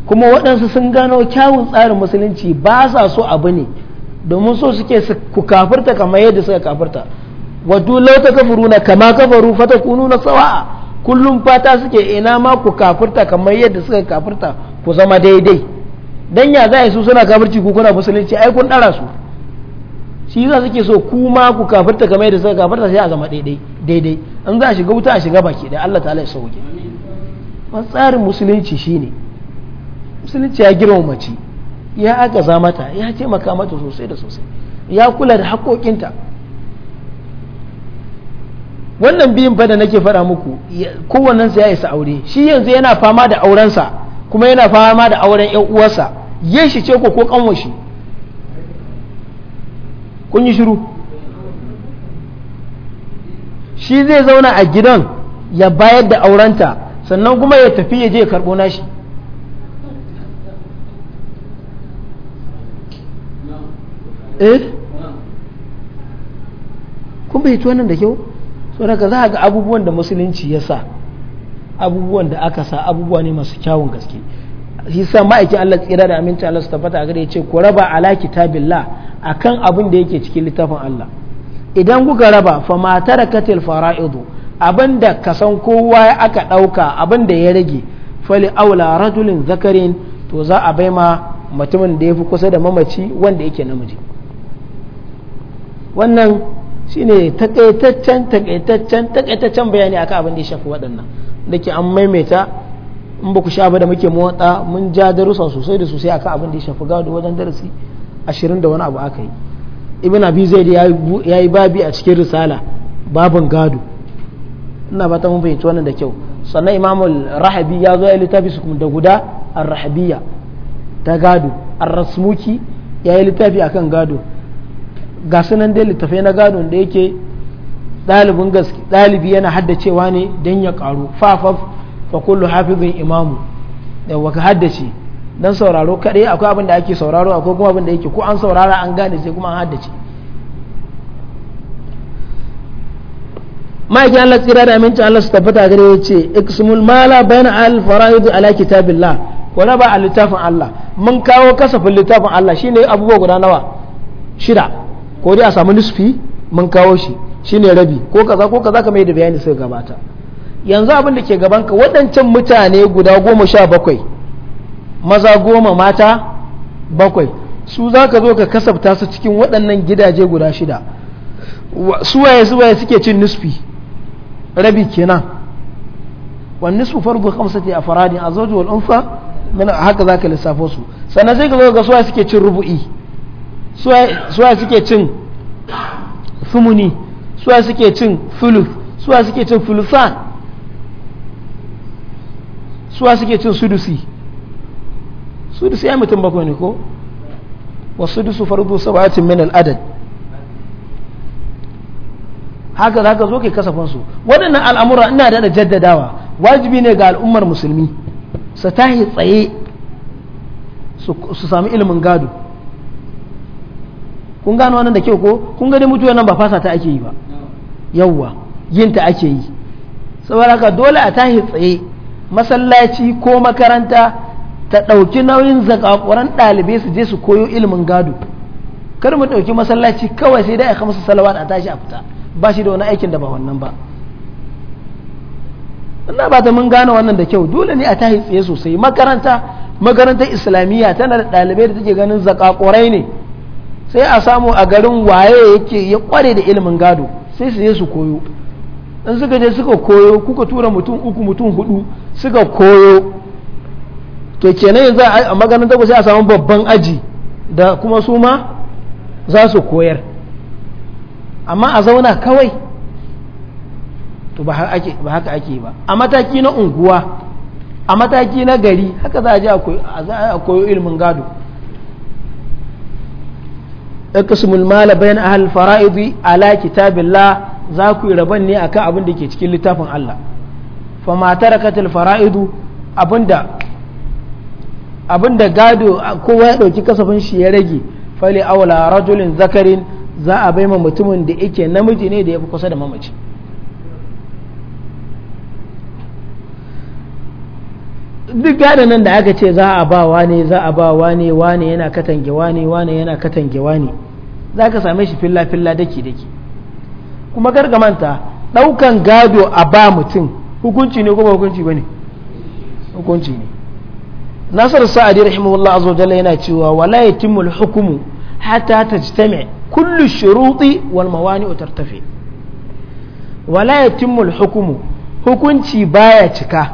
kuma waɗansu sun gano kyawun tsarin musulunci ba sa so abu ne domin so suke ku kafirta kamar yadda suka kafirta wadu lauta kafuru na kama kafaru fata kunu na sawa'a kullum fata suke ina ma ku kafirta kamar yadda suka kafirta ku zama daidai dan ya za su suna kafirci ku kuna musulunci ai kun dara su shi yasa suke so ku ma ku kafirta kamar yadda suka kafirta sai a zama daidai daidai an za a shiga wuta a shiga baki da Allah ta'ala ya sauke tsarin musulunci shine musulunci ya girma mace ya agaza mata ya taimaka mata sosai da sosai ya kula da haƙoƙinta wannan biyun fa da nake faɗa muku kowannen sa ya isa aure shi yanzu yana fama da aurensa kuma yana fama da auren ƴan uwarsa yin shi ce ko ko kanwar kun yi shiru shi zai zauna a gidan ya bayar da aurenta sannan kuma ya tafi ya je ya karɓo nashi eh kun bai nan da kyau so daga za ga abubuwan da musulunci ya sa abubuwan da aka sa abubuwa ne masu kyawun gaske shi sa ma'aikin Allah tsira da aminci Allah su tabbata a gare ya ce ku raba ala kitabillah akan abin da yake cikin littafin Allah idan kuka raba fa ma tarakatil fara'idu abin da kasan kowa aka ɗauka abin da ya rage fali aula rajulin zakarin to za a bai ma mutumin da ya fi kusa da mamaci wanda yake namiji wannan Sine takaitaccen takaitaccen takaitaccen bayani akan abin da ya shafi waɗannan da ke an maimaita in ba ku sha ba da muke motsa mun ja darussa sosai da sosai akan abin da ya shafi gado wajen darasi ashirin da wani abu aka yi ibn abi zaid ya yi babi a cikin risala babin gado ina ba ta mun fahimci wannan da kyau sannan imamul rahabi ya zo ya littafi su da guda ar Rahabiya ta gado ar-rasmuki ya yi littafi akan gado ga nan dai littafai na gano da yake ɗalibin gaske ɗalibi yana haddacewa ne don ya ƙaru fafaf fa kullu hafizin imamu da waka haddace dan sauraro kaɗai akwai abin da ake sauraro akwai kuma abin da yake ko an saurara an gane sai kuma an haddace ma'aikin Allah tsira da aminci Allah su tabbata gare ya ce iksumul mala bayan al faraidu ala kitabillah ko ba a littafin Allah mun kawo kasafin littafin Allah shine abubuwa guda nawa shida ko dai a samu nisfi mun kawo shi shine rabi ko kaza ko kaza mai da bayani suka gabata yanzu abin da ke gabanka waɗancan mutane guda goma sha bakwai maza goma mata bakwai su za ka zo ka kasafta su cikin waɗannan gidaje guda shida suwaye suwaye suke cin nisfi rabi kenan wani nisfi farko ce a faradin a zoji wal unfa haka za ka lissafo su sannan sai ka zo ga suwaye suke cin rubu'i suwa suke cin sumuni suwa suke cin fuluf suwa suke cin fulusan suwa suke cin sudusi sudusi ya mutum bakwai ne ko wasu sudusu fardu sabatin min al'adad haka za ka zo kai kasafansu waɗannan al'amura ina da jaddadawa wajibi ne ga al'ummar musulmi su tahi tsaye su sami ilimin gado kun gano wannan da kyau ko kun ga dai mutuwar nan ba fasa ta ake yi ba yawwa yin ta ake yi saboda ka dole a tahi tsaye masallaci ko makaranta ta ɗauki nauyin zakakuran ɗalibai su je su koyo ilimin gado kar mu ɗauki masallaci kawai sai dai a kamsa salawat a tashi a fita ba shi da wani aikin da ba wannan ba ina ba ta mun gane wannan da kyau dole ne a tahi tsaye sosai makaranta makarantar islamiyya tana da ɗalibai da take ganin zakakurai ne sai a samu a garin waye yake ya kware da ilimin gado sai su je su koyo in suka je suka koyo kuka tura mutum uku mutum hudu suka koyo to kenan yanzu a maganin takwas sai a samu babban aji da kuma su ma za su koyar amma a zauna kawai to ba haka ake ba a mataki na unguwa a mataki na gari haka za a je a koyo ilimin gado iqsimul mala bayan ahal fara'idi ala kitabillah za ku yi rabon ne akan abin da ke cikin littafin Allah fa ma tarakatul fara'idu abinda abinda gado kowa ya ɗauki kasafin shi ya rage fali aula rajulin zakarin za a bai ma mutumin da yake namiji ne da ya fi kusa da mamaci duk gadon nan da aka ce za a ba wane za a ba wane wane yana katange wane wane yana katange wane za ka same shi filla-filla daki-daki kuma gargamanta ɗaukan gado a ba mutum hukunci ne ko ba hukunci ba ne hukunci ne nasar sa'adi rahimahullah azza jalla yana cewa wala yatimmu hukumu hatta tajtami kullu shuruti wal mawani tartafi wala yatimmu hukumu hukunci baya cika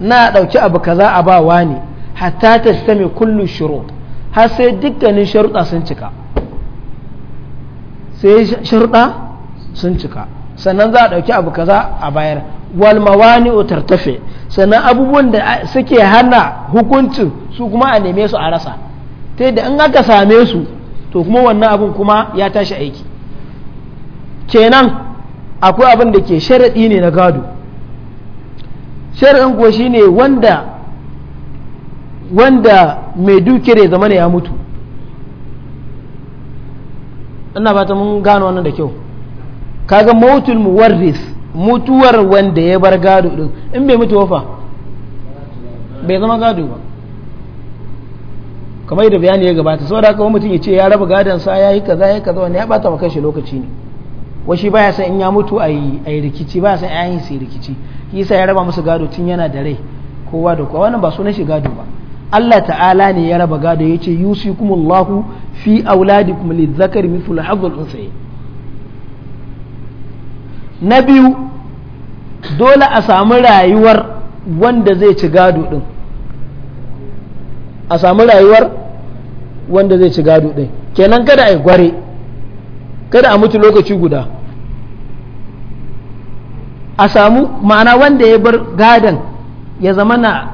na dauki abu kaza a ba wani hatta tajtami kullu shurut har sai dukkanin sharuɗa sun cika sai sharuɗa sun cika sannan za a ɗauki abu kaza a bayar wal mawani tartafe sannan abubuwan da suke hana hukuncin su kuma a neme su a rasa ta yadda in aka same su to kuma wannan abun kuma ya tashi aiki kenan akwai abin da ke sharaɗi ne na gado sharaɗin kuwa shine wanda wanda mai dukere zama ne ya mutu ina ba ta mun gano wannan da kyau kaga mautul muwarris mutuwar wanda ya bar gado din in bai mutu wafa bai zama gado ba kamar da bayani ya gabata saboda haka mutum ya ce ya raba gadon sa yayi yi kaza ya kaza wanda ya bata wa kanshi lokaci ne washi baya san in ya mutu a yi rikici baya san ayi sai rikici yasa ya raba musu gado tun yana da rai kowa da kowa wannan ba sunan shi gado ba Allah ta'ala ne ya raba gado ya ce yusikumullahu fi auladikum lizakari mithlu hadhul unsay na biyu dole a samu rayuwar wanda zai ci gado din a samu rayuwar wanda zai ci gado din kenan kada a yi gware kada a mutu lokaci guda a samu ma'ana wanda ya bar gadon ya zama na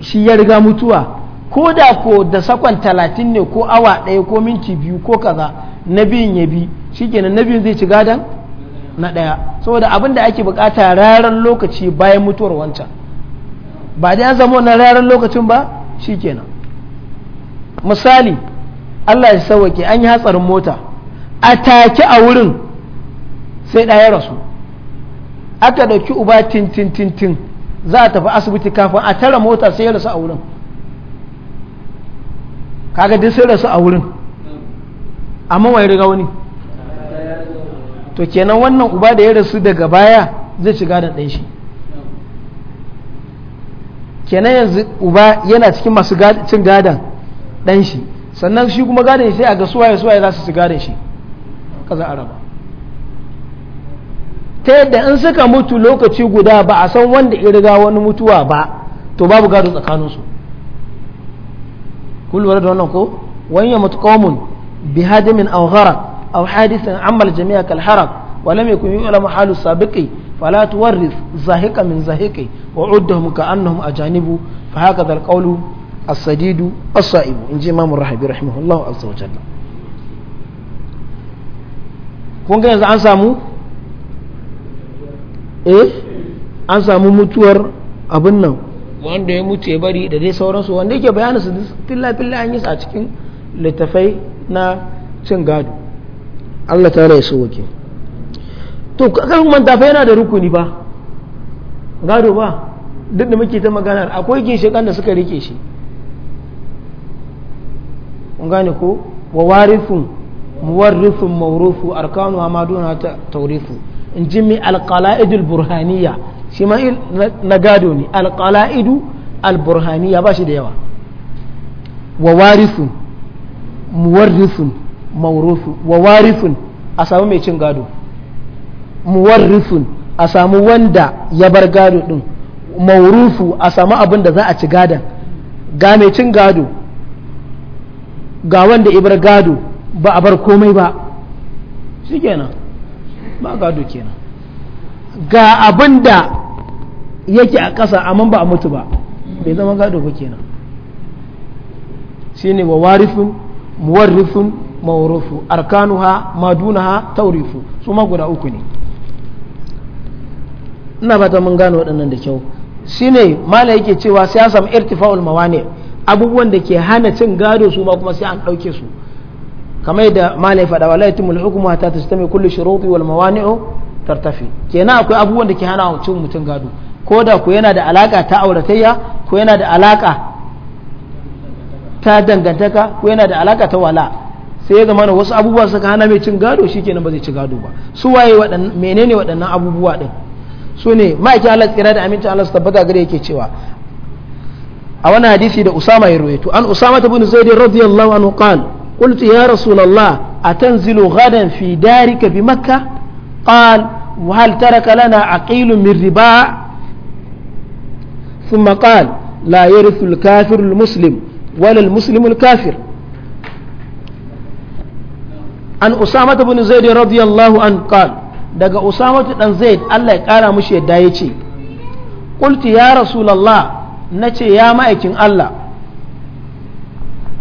shi ya riga mutuwa ko da ko da sakon talatin ne ko awa ɗaya ko minti biyu ko kaza na biyun ya bi shikenan na biyun zai ci gadan na ɗaya saboda abin da ake bukata raran lokaci bayan mutuwar wancan ba da ya zama na raran lokacin ba shikenan misali Allah ya sauwake an yi hatsarin mota a take a wurin sai ɗaya rasu aka ɗauki uba tintintintin za a tafi asibiti kafin a tara mota sai ya rasu a wurin kaga duk sai rasu a wurin amma wai riga wani to kenan wannan uba da ya rasu daga baya zai shiga da ɗan shi kenan yanzu uba yana cikin masu cin gadon ɗan shi sannan shi kuma gadon sai a ga suwaye suwaye za su ci gadon shi kaza araba ta yadda in suka mutu lokaci guda ba a san wanda ya riga wani mutuwa ba to babu gado tsakaninsu kun lura da wannan ko wani ya mutu qaumun bi hadamin aw gharaq aw hadithin amal jami'a kal haraq wa lam yakun yu'lamu halu sabiqi fala tuwarris zahiqa min zahiqi wa uddahum ka annahum ajanibu fa hakadha al qawlu as-sadidu as-sa'ibu in ji imamu rahabi yanzu an samu an samu mutuwar abin wanda ya mutu ya bari da dai sauransu wanda yake bayanin su filla filla an yi a cikin littafai na cin gado Allah ta ya wake to kan manta fa yana da rukuni ba gado ba duk da muke ta maganar akwai ginshiƙan da suka rike shi kun gane ko wa warithun maurufi mawrufu arkanu hamaduna ta taurifu in ji mi alqalaidul burhaniya shi ma na gado ne alƙala'idu ya ba shi da yawa wa warisun muwarrisun maurusu wa warisun a samu mai cin gado muwarrisun a samu wanda ya bar gado din maurusu a samu abin da za a ci gadon ga mai cin gado ga wanda ibar gado ba a bar komai ba shi kenan ba gado kenan ga abin da yake a ƙasa amma ba a mutu ba bai zama gado ba kenan shine wa warifin muwarrifin mawrufu arkanuha madunaha taurifu su ma guda uku ne ina fata mun gano waɗannan da kyau shine mala yake cewa sai ya irtifa'ul mawani abubuwan da ke hana cin gado su ma kuma sai an ɗauke su kamar yadda mala ya faɗa ta yatimul hukmu ta tastami kullu shuruti wal mawani'u tartafi kenan akwai abubuwan da ke hana mutum mutum gado ko da ko yana da alaka ta auratayya ko yana da alaka ta dangantaka ko yana da alaka ta wala sai ya zama wasu abubuwa suka hana mai cin gado shikenan ba zai ci gado ba su waye waɗannan menene waɗannan abubuwa din su ne ma'aikin Allah tsira da amincin Allah su tabbata gare yake cewa a wani hadisi da Usama ya rawaito an Usama ta ibn Zaid radiyallahu anhu qala qultu ya rasulullah atanzilu ghadan fi darika bi makkah قال وهل ترك لنا عقيل من رباع ثم قال لا يرث الكافر المسلم ولا المسلم الكافر عن أسامة بن زيد رضي الله عنه قال دقى أسامة بن زيد الله قال مش يدايتي قلت يا رسول الله نتي يا مائكين الله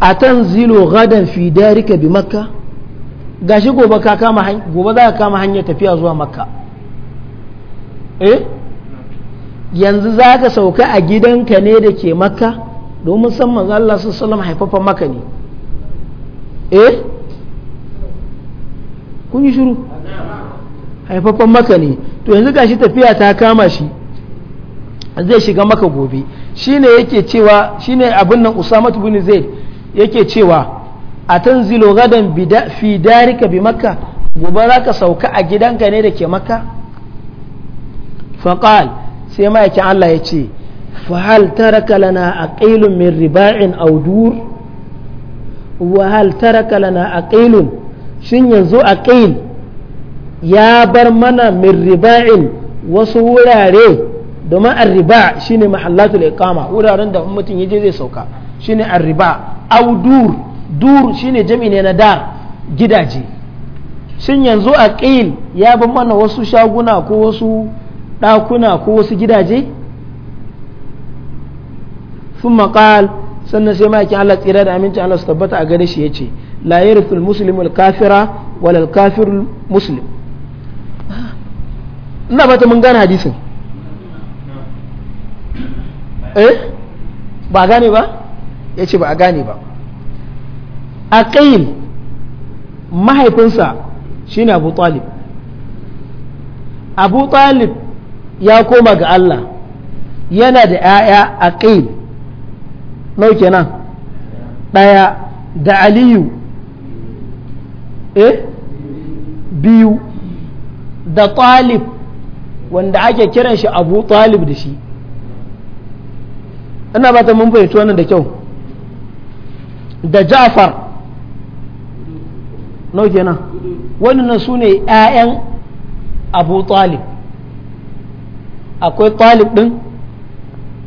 أتنزل غدا في دارك بمكة gashi gobe ka kama gobe za ka kama hanyar tafiya zuwa makka eh yanzu za ka sauka a gidanka ne da ke maka domin san manzo Allah su salam haifafa maka ne eh kun yi shiru haifafan maka ne to yanzu gashi tafiya ta kama shi zai shiga maka gobe shine yake cewa shine abin nan Usama ibn Zaid yake cewa a tanzilu gadan fi darika bi makka gobe za ka sauka a gidanka ne da ke makka faqal sai ma'aikin Allah ya ce fahal taraka lana aqilun min riba'in aw dur wa hal taraka lana aqilun shin yanzu a aqil ya bar mana min riba'in wasu wurare domin arriba shine mahallatul iqama wuraren da mutum yaje zai sauka shine arriba au dur dur shine jami ne na dar gidaje shin yanzu a aqil ya bi mana wasu shaguna ko wasu ɗakuna ko wasu gidaje sun maƙal sannan sai ma'aikin Allah tsira da amincin Allah su tabbata a gare shi ya ce la yarithul muslimu al-kafira wal al muslim ina bata mun gane hadisin eh ba gane ba ya ce ba a gane ba a ƙayin mahaifinsa shine abu talib abu talib ya koma ga Allah yana da ‘ya'ya a ƙil nauke kenan ɗaya da aliyu eh biyu da talib wanda ake kiran shi abu talib da shi ina ba ta mun fahimci wannan da kyau da ja'far nau kenan wannan su ne ‘ya'yan abu talib akwai talib din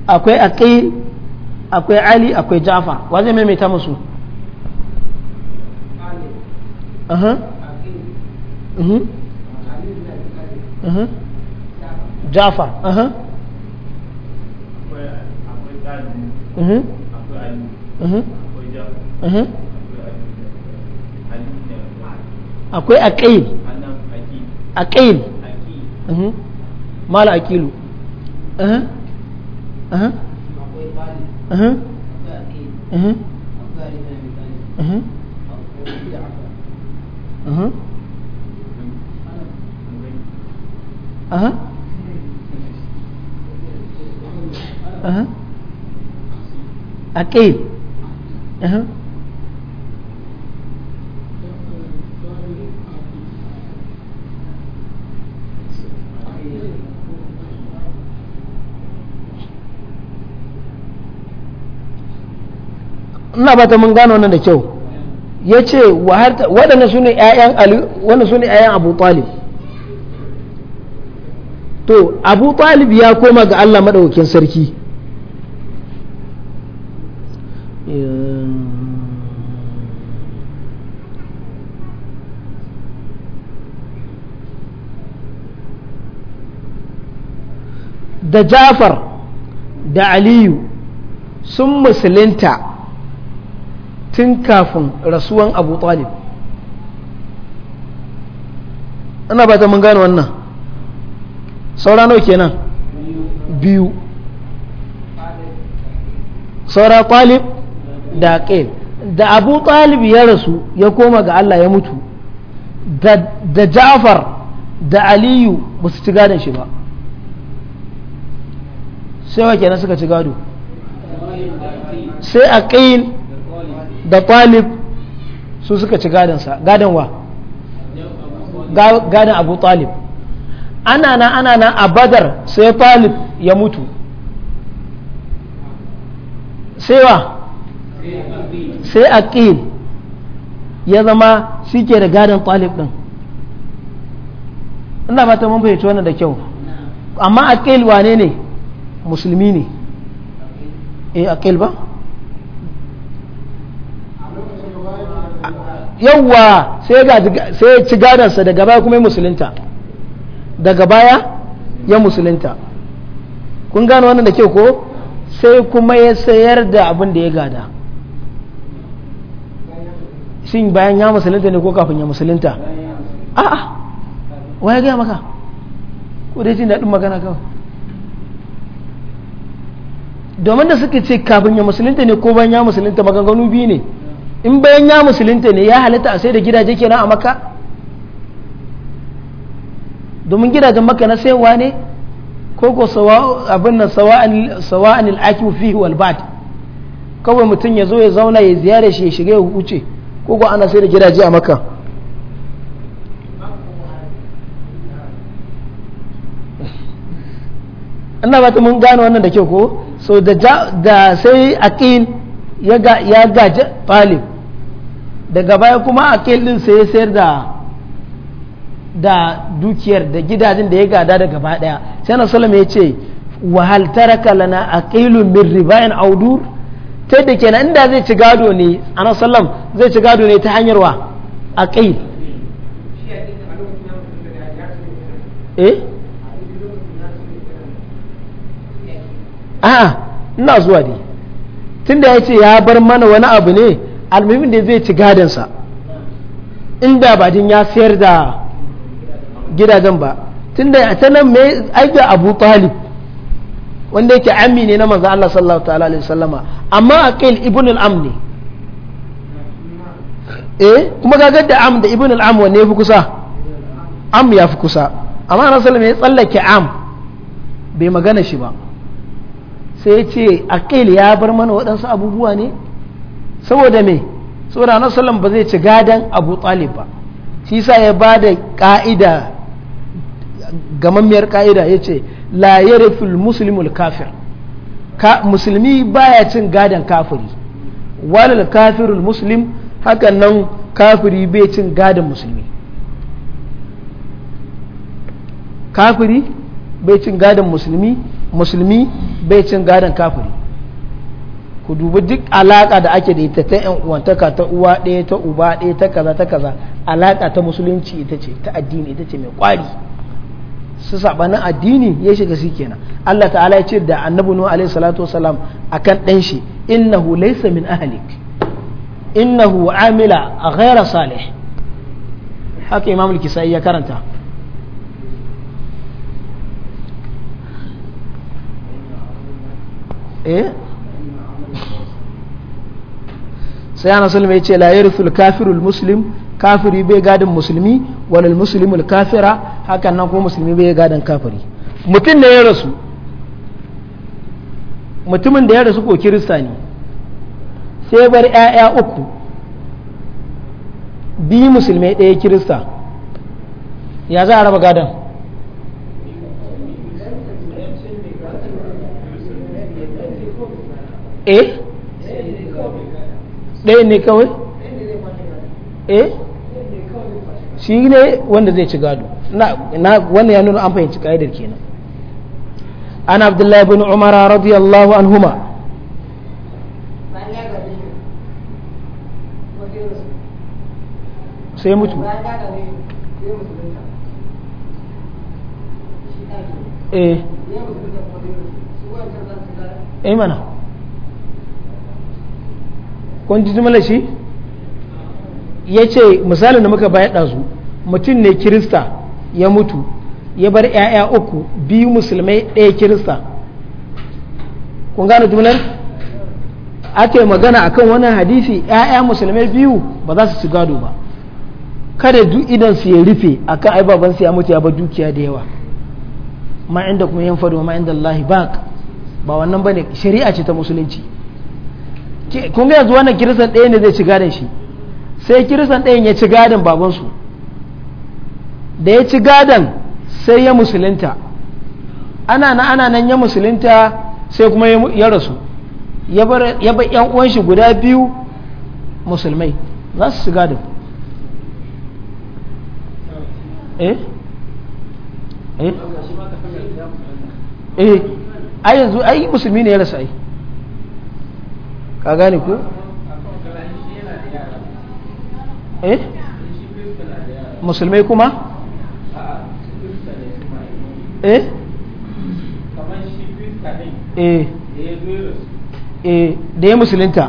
akwai aqil akwai ali akwai ja'far wa zai maimaita musu mhm. Mhm. ja'far mhm. akwai aqil aqil mala aqilu Uh-huh. Uh-huh. Uh-huh. a ina ba ta mun gano wannan da kyau ya ce waɗanda su ne ‘ya'yan abu talib to abu talib ya koma ga allah maɗaukin sarki da jafar da aliyu sun musulinta. tun kafin rasuwan abu talib ana ba ta mun gane wannan saura nawa kenan biyu saura talib da ƙil da abu talib ya rasu ya koma ga Allah ya mutu da ja'far da aliyu ba su ci gadon shi ba sai wa kenan suka ci gado sai a ƙil da talib su suka ci gadansa gadon wa gadon abu talib ana na ana na a badar sai talib ya mutu sai wa sai aqil ya zama shi ke da gadon talib din ina fata mun fahimci wannan da kyau amma aqil wane ne musulmi ne eh aqil ba yawwa sai ya ci gadansa daga baya kuma ya musulunta daga baya ya musulunta kun gano wannan da ke ko sai kuma ya sayar da abin da ya gada shin bayan ya musulunta ne ko kafin ya musulunta a'a wa ya gaya maka ko dai jin daɗin magana kawai domin da suka ce kafin ya musulunta ne ko bayan ya musulunta maganganu biyu ne in bayan ya musulunta ne ya halitta a sai da gidaje kenan a maka domin gidajen maka na saiwa ne ko ko abin nan sawa'an al'akibu fihi al ba'd kawai mutum ya zo ya zauna ya ziyara shi ya shiga ya huce ko ko ana sai da gidaje a maka ina ba ta mun gane wannan da kyau ko so da sai aqil ya gaji talib daga baya kuma a kelin sai ya sayar da da dukiyar da gidajen da ya gada da gaba daya sai na sallama ya ce wahal taraka lana aqilu min ribain audur ta yadda kenan inda zai ci gado ne ana sallam zai ci gado ne ta hanyar wa aqil eh a ina zuwa ne tunda ya ce ya bar mana wani abu ne almuhimin da zai ci gadansa inda ba jin ya sayar da gidajen ba tun da ta nan mai aiga abu talib wanda yake ammi ne na manzo Allah sallallahu ta'ala alaihi sallama amma aqil ibn al-am ne eh kuma kaga da am da ibn al-am wanne yafi kusa am ya fi kusa amma sallama ya tsallake am bai magana shi ba sai ya ce aqil ya bar mana waɗansu abubuwa ne saboda mai saboda na salam ba zai ci gadon abu talib ba shi sa ya ba da ka'ida gamammiyar ka'ida ya ce layar muslimul kafir ka, musulmi baya cin gadon kafiri walal kafirul muslim hakan nan kafiri bai cin gadon musulmi kafiri bai cin gadon musulmi musulmi bai cin gadon kafiri ku dubi duk alaka da ake da ita ta yan uwantaka ta uwa ɗaya ta uba ɗaya ta kaza ta kaza alaka ta musulunci ita ce ta addini ita ce mai kwari su sabanin addini ya shiga shi kenan Allah ta'ala ya ce da annabi nuhu alaihi salatu wasalam akan ɗan shi innahu laysa min ahlik innahu amila ghayra salih haka imam al-kisai ya karanta eh sai ana sulma ya ce la yarithul kafiru muslim kafiri bai gadin musulmi wani muslimul kafira hakan nan kuma musulmi bai gadin kafiri mutum ne ya rasu mutumin da ya rasu ko kirista ne sai bar 'ya'ya uku bi musulmi ɗaya kirista ya za a raba gadon eh ɗaya ne kawai eh shi ne wanda zai ci gado na wannan ya nuna an fahimci ka'idar kenan an abdullahi bin umar radiyallahu anhuma sai mutu eh eh mana kun ji jimala shi ya ce misalin da muka bayar ɗazu mutum ne kirista ya mutu ya bar 'ya'ya uku biyu musulmai ɗaya kirista kun gane jimlar ake magana akan wannan hadisi 'ya'ya musulmai biyu ba za su ci gado ba kada duk idan su ya rufe akan ai babansu ya mutu ya bar dukiya da yawa ma inda kuma yan fado ma inda Allah ba wannan bane shari'a ce ta musulunci kun ga yanzu wannan kiristan ɗaya ne zai ci gadon shi sai kiristan ɗayan ya ci gadon babansu da ya ci gadon sai ya musulunta ana na ana nan ya musulunta sai kuma ya rasu ya bar yan uwan shi guda biyu musulmai za su ci gadon eh eh eh ai yanzu ai musulmi ne ya rasu ai ka gane ku eh musulmai kuma eh eh eh da ya musulunta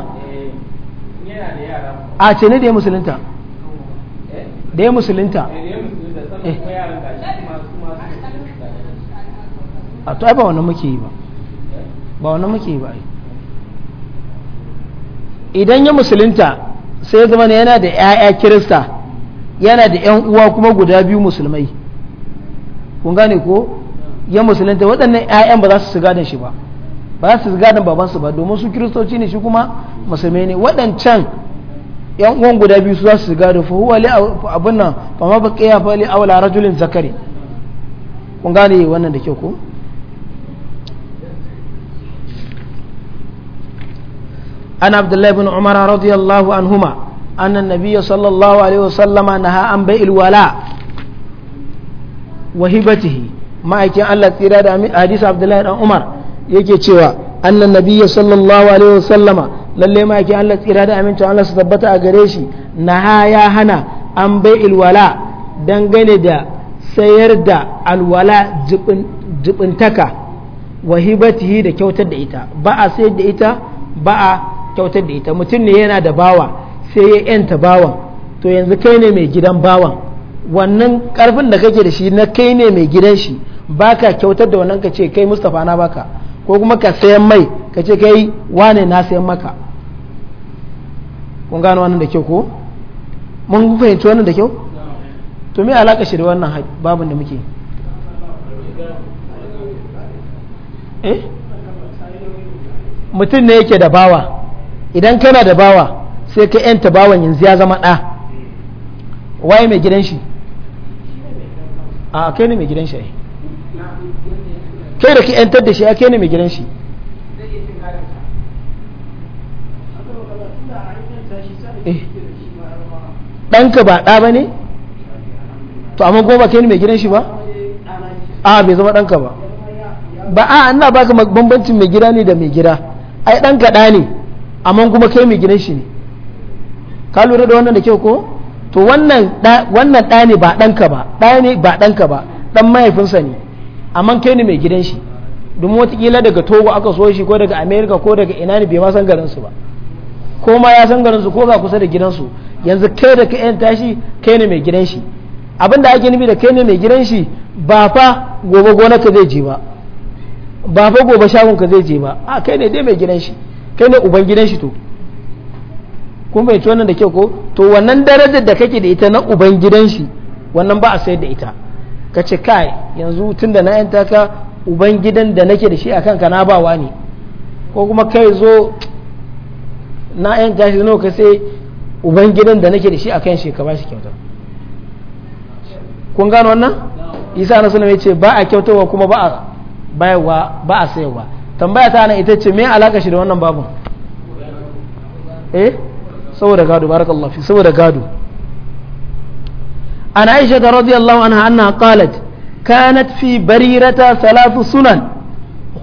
a ce ne da ya musulunta da ya musulunta eh. a to ai ba wannan muke yi ba ba wannan muke yi ba ai idan ya musulunta sai zama zama yana da 'ya'ya kirista yana da 'yan uwa kuma guda biyu musulmai kun gane ko ya musulunta waɗannan 'ya'yan ba za su gadon shi ba ba za su gadon babansu ba domin su kiristoci ne shi kuma musulmai ne waɗancan 'yan uwan guda biyu su za su gado fa huwa li abun nan fa ma baqiya fa li awla rajulin zakari kun gane wannan da kyau ko an abdullahi bin umar radiyallahu anhuma أن النبي صلى الله عليه وسلم نهى عن بيع الولاء وهبته ما يكن الله تيرا حديث عبد الله بن عمر yake cewa annan nabiyya sallallahu alaihi wasallama lalle ma yake Allah tsira da amincin Allah su tabbata a gare shi naha ya hana an bai ilwala dangane da sayar da alwala jibintaka wahibatihi da kyautar da ita ba a sayar da ita ba a kyautar da ita mutum ne yana da bawa sai ya yanta bawan to yanzu kai ne mai gidan bawan wannan karfin da kake da shi na kai ne mai gidan shi baka kyautar da wannan ka ce kai Mustapha na baka ko kuma ka sayan mai ka ce kai wane na sayan maka kun gano wannan da kyau ko mun fahimci wannan da kyau to me alaka shi da wannan babin da muke eh mutum ne yake da bawa idan kana da bawa sai ka yanta bawan yanzu ya zama ɗa waye mai gidan shi a kai ne mai gidan shi kai da ka yantar da shi a kai ne mai gidan shi eh. ɗanka ba ɗa ba ne to amma goma kai ne mai gidan shi ba a bai zama ɗanka ba ba a ina baka bambancin mai gida ne da mai gida ai ɗanka ɗa ne amma kuma kai mai gidan shi ne ka lura da wannan da kyau ko to wannan wannan ɗa ne ba ɗanka ba ɗa ne ba ɗanka ba ɗan mahaifinsa ne amma kai ne mai gidan shi domin watakila daga togo aka so shi ko daga america ko daga ina ne bai ma san garinsu ba ko ma ya san garinsu ko ga kusa da gidansu yanzu kai da kai tashi kai ne mai gidan shi abin da ake nufi da kai ne mai gidan shi ba fa gobe gona ka zai je ba ba fa gobe shagon ka zai je ba a kai ne dai mai gidan shi kai ne ubangidan shi to kun bai wannan da kyau ko to wannan darajar da kake da ita na ubangidan shi wannan ba a sayar da ita ka ce kai yanzu tunda na yanta ka ubangidan da nake da shi a kanka na bawa ne ko kuma kai zo na yanta shi nawa ka sai ubangidan da nake da shi a kan shi ka ba shi kyauta kun gano wannan isa na sunan ya ce ba a kyautarwa kuma ba a bayarwa ba a sayarwa tambaya ta nan ita ce me alaka shi da wannan babu eh saboda gado barakallahu fi saboda gado an aisha da radiyallahu anha anna qalat kanat fi barirata thalathu sunan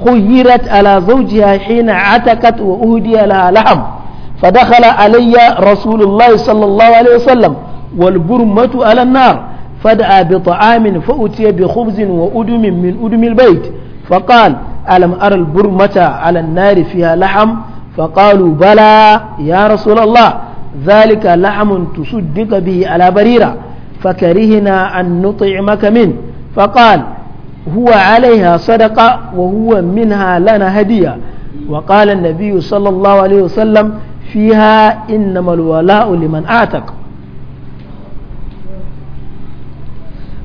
khuyirat خيرت على زوجها حين عتكت وأهدي لها لحم فدخل علي رسول الله صلى الله عليه وسلم والبرمة على النار فدعا بطعام فأتي بخبز وأدم من أدم البيت فقال alam aral burmata ala nari fiha laham فقالوا بلى يا رسول الله ذلك لحم تصدق به على بريرة فكرهنا أن نطعمك منه فقال هو عليها صدقة وهو منها لنا هدية وقال النبي صلى الله عليه وسلم فيها إنما الولاء لمن أعتق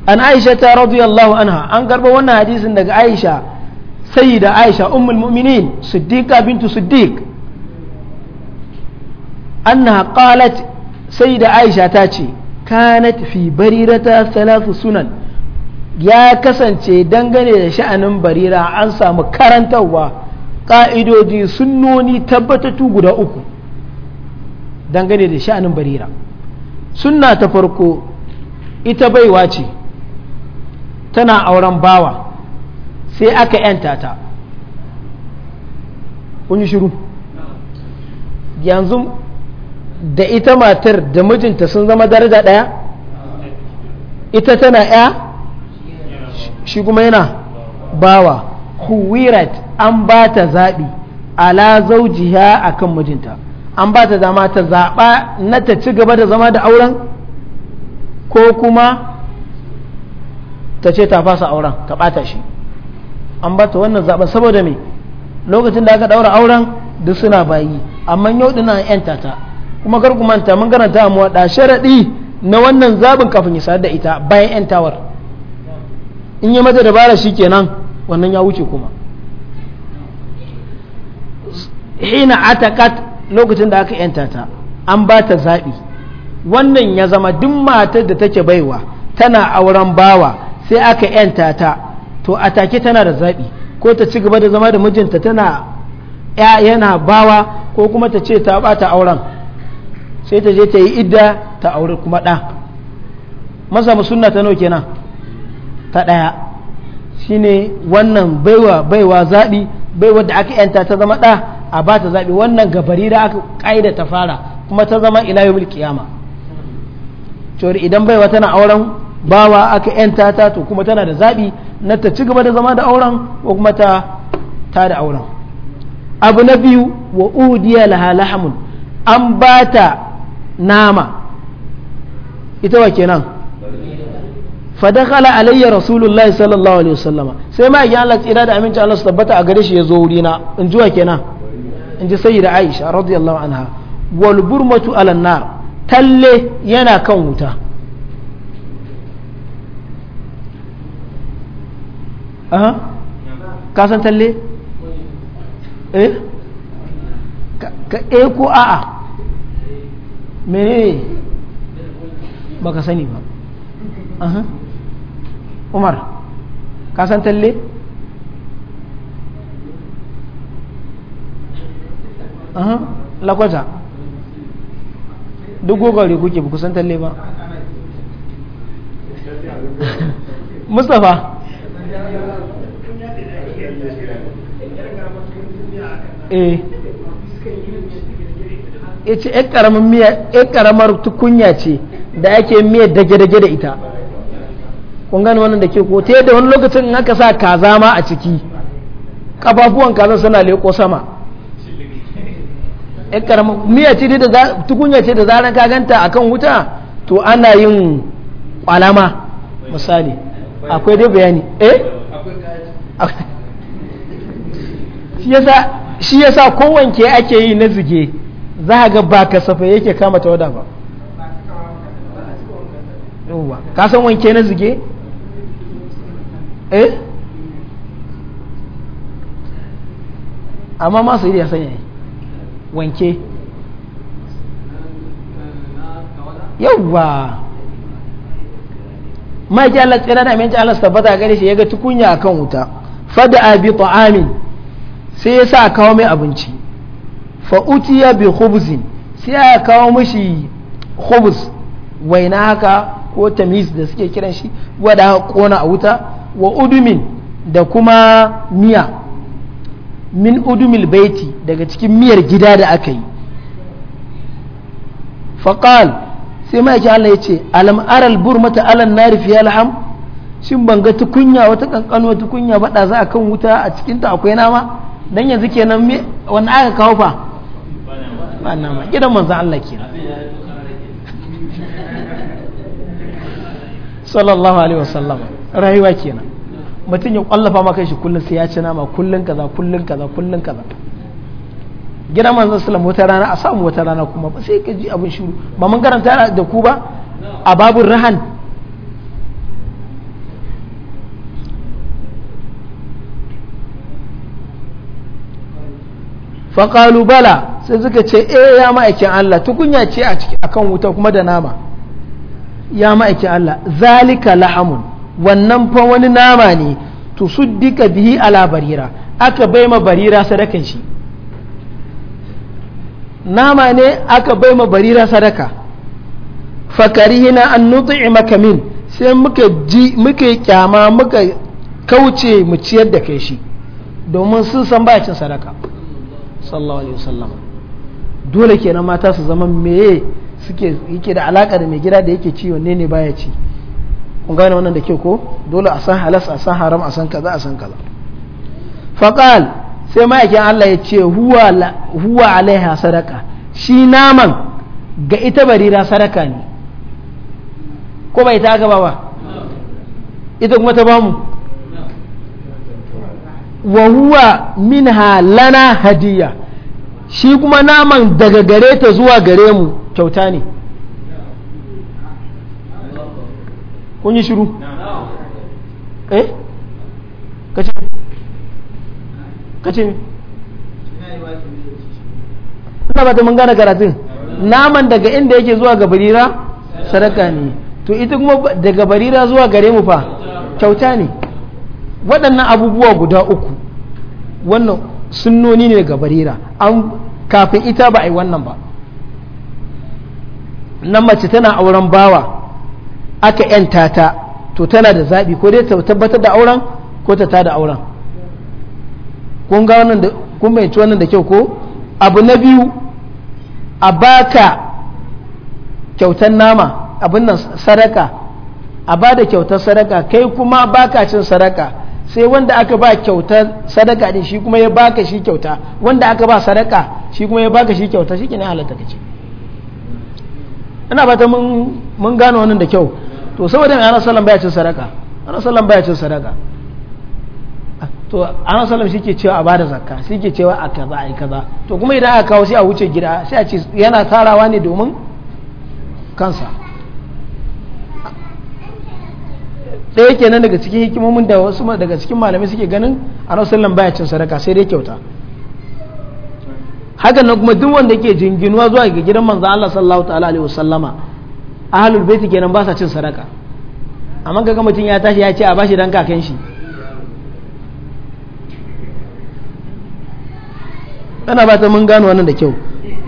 أن عائشة رضي الله عنها أن قرب وانا حديث عائشة sayyida aisha ummul mu'minin siddiqa bintu siddiq annaha qalat sayyida aisha ta ce kanat fi ta salatu sunan ya kasance dangane da sha'anin barira an samu karantarwa ƙa'idodi sunnoni tabbatattu guda uku dangane da sha'anin barira sunna ta farko ita baiwa ce tana auren bawa sai aka yanta ta kun yi shiru yanzu da ita matar da mijinta sun zama daraja ɗaya ita tana ya shi kuma yana bawa huwirat an ba ta zaɓi ala zaujiya a kan mijinta an ba ta dama ta zaɓa na ta ci gaba da zama da auren ko kuma ta ce ta fasa auren ka ɓata shi an ba ta wannan zaɓen saboda me lokacin da aka ɗaura auren duk suna bayi amma yau ɗin an yanta ta kuma kar ku manta mun karanta a muwaɗa sharaɗi na wannan zaɓin kafin ya sadar da ita bayan yantawar in yi mata dabara shi kenan wannan ya wuce kuma hina atakat lokacin da aka yanta ta an ba ta zaɓi wannan ya zama duk matar da take baiwa tana auren bawa sai aka yanta ta to a take tana da zaɓi ko ta ci gaba da zama da mijinta tana yana bawa ko kuma ta ce ta bata auren sai ta je ta yi idda ta aure kuma ɗa masa sunna ta nau kenan ta ɗaya shine wannan baiwa baiwa zaɓi baiwa da aka yanta ta zama ɗa a ba ta zaɓi wannan gabari da aka ƙa'ida ta fara kuma ta zama ila kiyama cewar idan baiwa tana auren bawa aka yanta ta to kuma tana da zaɓi na ta ci gaba da zama da auren ko kuma ta ta da auren abu na biyu wa udiya laha lahamun an ba ta nama ita wa kenan fadakala alayya rasulullahi sallallahu alaihi wasallama sai ma ya Allah tsira da aminci Allah su tabbata a gare shi ya zo wuri na in ji wa kenan in ji sayyida Aisha radiyallahu anha wal burmatu ala nar talle yana kan wuta aha ka san talle eh ka e ko a'a menene baka sani ba umar ka san talle aha lakwata duk gogare kuke ba ku san talle ba mustapha e ce yan karamar tukunya ce da ake miyar dage-dage da ita kun gane wannan da ke ko ta yadda wani lokacin in aka sa kaza ma a ciki kafafuwan kaza suna leko sama miya ce da tukunya ce da zaran ka ganta akan wuta to ana yin kwalama misali akwai dai bayani eh shi yasa kowanke ake yi na zige za ga ba kasafai yake kama wada ba ka san wanke na zige eh amma masu iya sanya wanke yawwa. maki Allah tsira da mai Allah tabbata gare shi ga tukunya akan wuta fada bi ta'amin sai ya sa kawo mai abinci fa utiya bi khubzin sai ya kawo mishi khubz waina haka ko tamiz da suke kiran shi wada kona a wuta wa udumin da kuma miya min udumil baiti daga cikin miyar gida da aka yi faqal sai ma'aikin Allah ya ce alam aral burmata alan nari fiya la'am shin ban ga tukunya wata kankano tukunya bada za a kan wuta a cikin ta akwai nama dan yanzu kenan me wani aka kawo fa ba nama gidan manzon Allah kenan sallallahu alaihi wasallam rayuwa kenan mutum ya kwallafa maka shi kullum sai ya ci nama kullum kaza kullum kaza kullum kaza gina manzon sallam wata rana a samu wata rana kuma ba sai ka ji abin shiru ba mun karanta da ku ba a babun rahan faƙalu bala sai suka ce e ya ma'aikin Allah tukunya ce a ciki akan wuta kuma da nama ya ma'aikin Allah zalika lahamun wannan fa wani nama ne tusuddika bihi ala barira aka bai ma barira sadakan shi nama ne aka bai ma barira sadaka fakarihina an nutsi makamin sai muka ji muka kyama muka kauce mu ciyar da kai shi domin sun san ba cin sadaka sallallahu alaihi wasallam dole kenan mata su zama meye suke yake da alaka da mai gida da yake ci wanne ne baya ci kun gane wannan da ke ko dole a san halas a san haram a san kaza a san kaza faqal sai ma'aikin Allah ya ce huwa alaiha sadaka shi naman ga ita barira sadaka ne ko bai ta gaba ba ita kuma ta bamu wa huwa minha lana hadiya shi kuma naman daga gare ta zuwa gare mu kyauta ne kun yi shiru eh kace ina ba ta mun gane karatun naman daga inda yake zuwa ga barira sadaka ne to ita kuma daga barira zuwa gare mu fa kyauta ne waɗannan abubuwa guda uku wannan sunnoni ne ga barira an kafin ita ba a yi wannan ba nan mace tana auren bawa aka yanta ta to tana da zaɓi ko dai ta tabbatar da auren ko ta tada auren kun ga wannan da kun bayyanci wannan da kyau ko abu na biyu a baka kyautan nama abin nan sadaka a ba da kyautar sadaka kai kuma baka cin sadaka sai wanda aka ba kyautar sadaka din shi kuma ya baka shi kyauta wanda aka ba sadaka shi kuma ya baka shi kyauta shi ne halatta kace ina fata mun gano wannan da kyau to saboda mai annabi sallallahu alaihi wasallam baya cin sadaka annabi sallallahu alaihi wasallam baya cin sadaka to an salam shi ke cewa a bada zakka shi ke cewa a kaza a kaza to kuma idan aka kawo sai a wuce gida sai a ce yana tarawa ne domin kansa ɗaya kenan daga cikin hikimomin da wasu daga cikin malamai suke ganin a salam baya cin sadaka sai dai kyauta hakan nan kuma duk wanda ke jinginuwa zuwa ga gidan manzan Allah sallallahu ta'ala alaihi wasallama ahlul baiti kenan ba sa cin sadaka amma kaga mutum ya tashi ya ce a bashi dan kakan shi ana ba ta mun gano wannan da kyau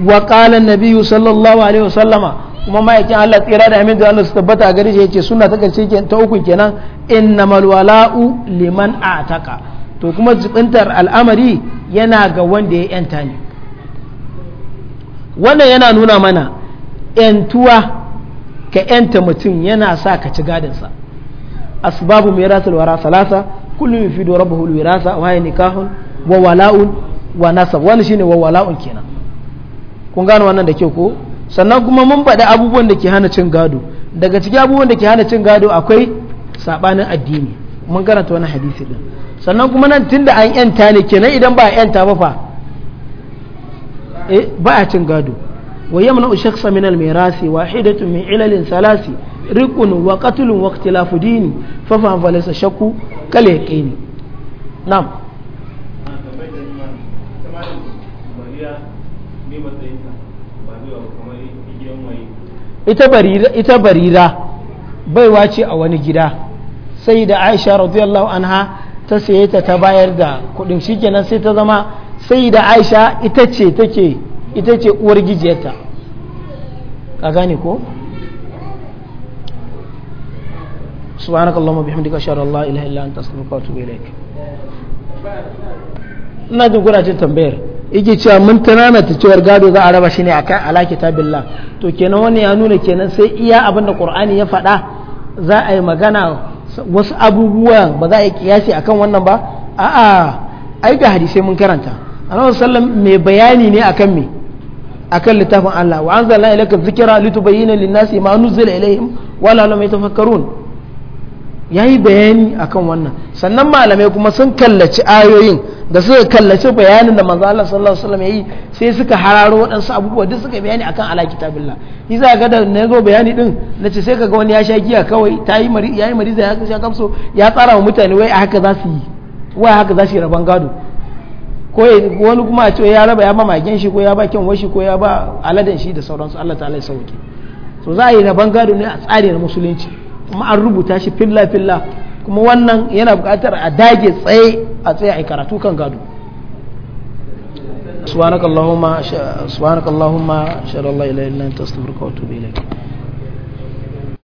wa qala nabiyyu sallallahu alaihi wasallama kuma ma'aikin Allah tsira da amin da Allah su tabbata a gare shi yace sunna ta karshe ta uku kenan innamal wala'u liman ataka to kuma jibintar al'amari yana ga wanda ya yanta ne wannan yana nuna mana yantuwa ka yanta mutum yana sa ka ci gadinsa asbabu miratul wara salasa kullu yufidu rabbahu alwirasa wa nikahun wa wala'un wa nasab wani shine wa wala'un kenan kun gane wannan da kyau ko sannan kuma mun faɗi abubuwan da ke hana cin gado daga cikin abubuwan da ke hana cin gado akwai sabanin addini mun karanta wani hadisi din sannan kuma nan tunda an yanta ne kenan idan ba a yanta ba fa eh ba a cin gado wa yamna shakhsa min al-mirasi wahidatun min ilalin salasi riqun wa qatlun wa ikhtilafu dini fa fa falaysa shakku kal yaqini na'am ita barira baiwa ce a wani gida sai da aisha radiyallahu anha ta saye ta ta bayar da kudin shikenan sai ta zama sai da aisha ita ce take ita ce uwar gijiyarta ka gane ko subhanakallahumma bihamdika ashhadu an la ilaha illa anta astaghfiruka wa atubu ilaik ina jin gurajin tambayar yake cewa mun tunana ta cewar gado za a raba shi ne akan ala kitabillah to kenan wani ya nuna kenan sai iya abin da qur'ani ya faɗa za a yi magana wasu abubuwa ba za a yi kiyasi akan wannan ba a'a ai ga hadisai mun karanta annabi sallam mai bayani ne akan me akan littafin Allah wa anzalna ilayka dhikra litubayyana lin-nasi ma nuzila ilayhim wa la'allahum yatafakkarun ya yi bayani akan wannan sannan malamai kuma sun kallaci ayoyin da suka kallaci bayanin da manzo Allah sallallahu alaihi wasallam yayi sai suka hararo waɗansu abubuwa duk suka bayani akan ala kitabillah ni za ga da na zo bayani din ce sai kaga wani ya sha giya kawai ta yi mari yayi ya sha kamso ya tsara wa mutane wai a haka za su yi wai haka za su yi raban gado ko wani kuma a ce ya raba ya ba magen shi ko ya ba kyan washi ko ya ba aladan shi da sauransu Allah ta'ala ya sauke so za a yi raban gado ne a tsari na musulunci kuma an rubuta shi filla filla kuma wannan yana buƙatar a dage tsaye a tsaye a karatu kan gado subhanakallahumma subhanakallahumma shalla ilaha illa anta astaghfiruka wa atubu ilayk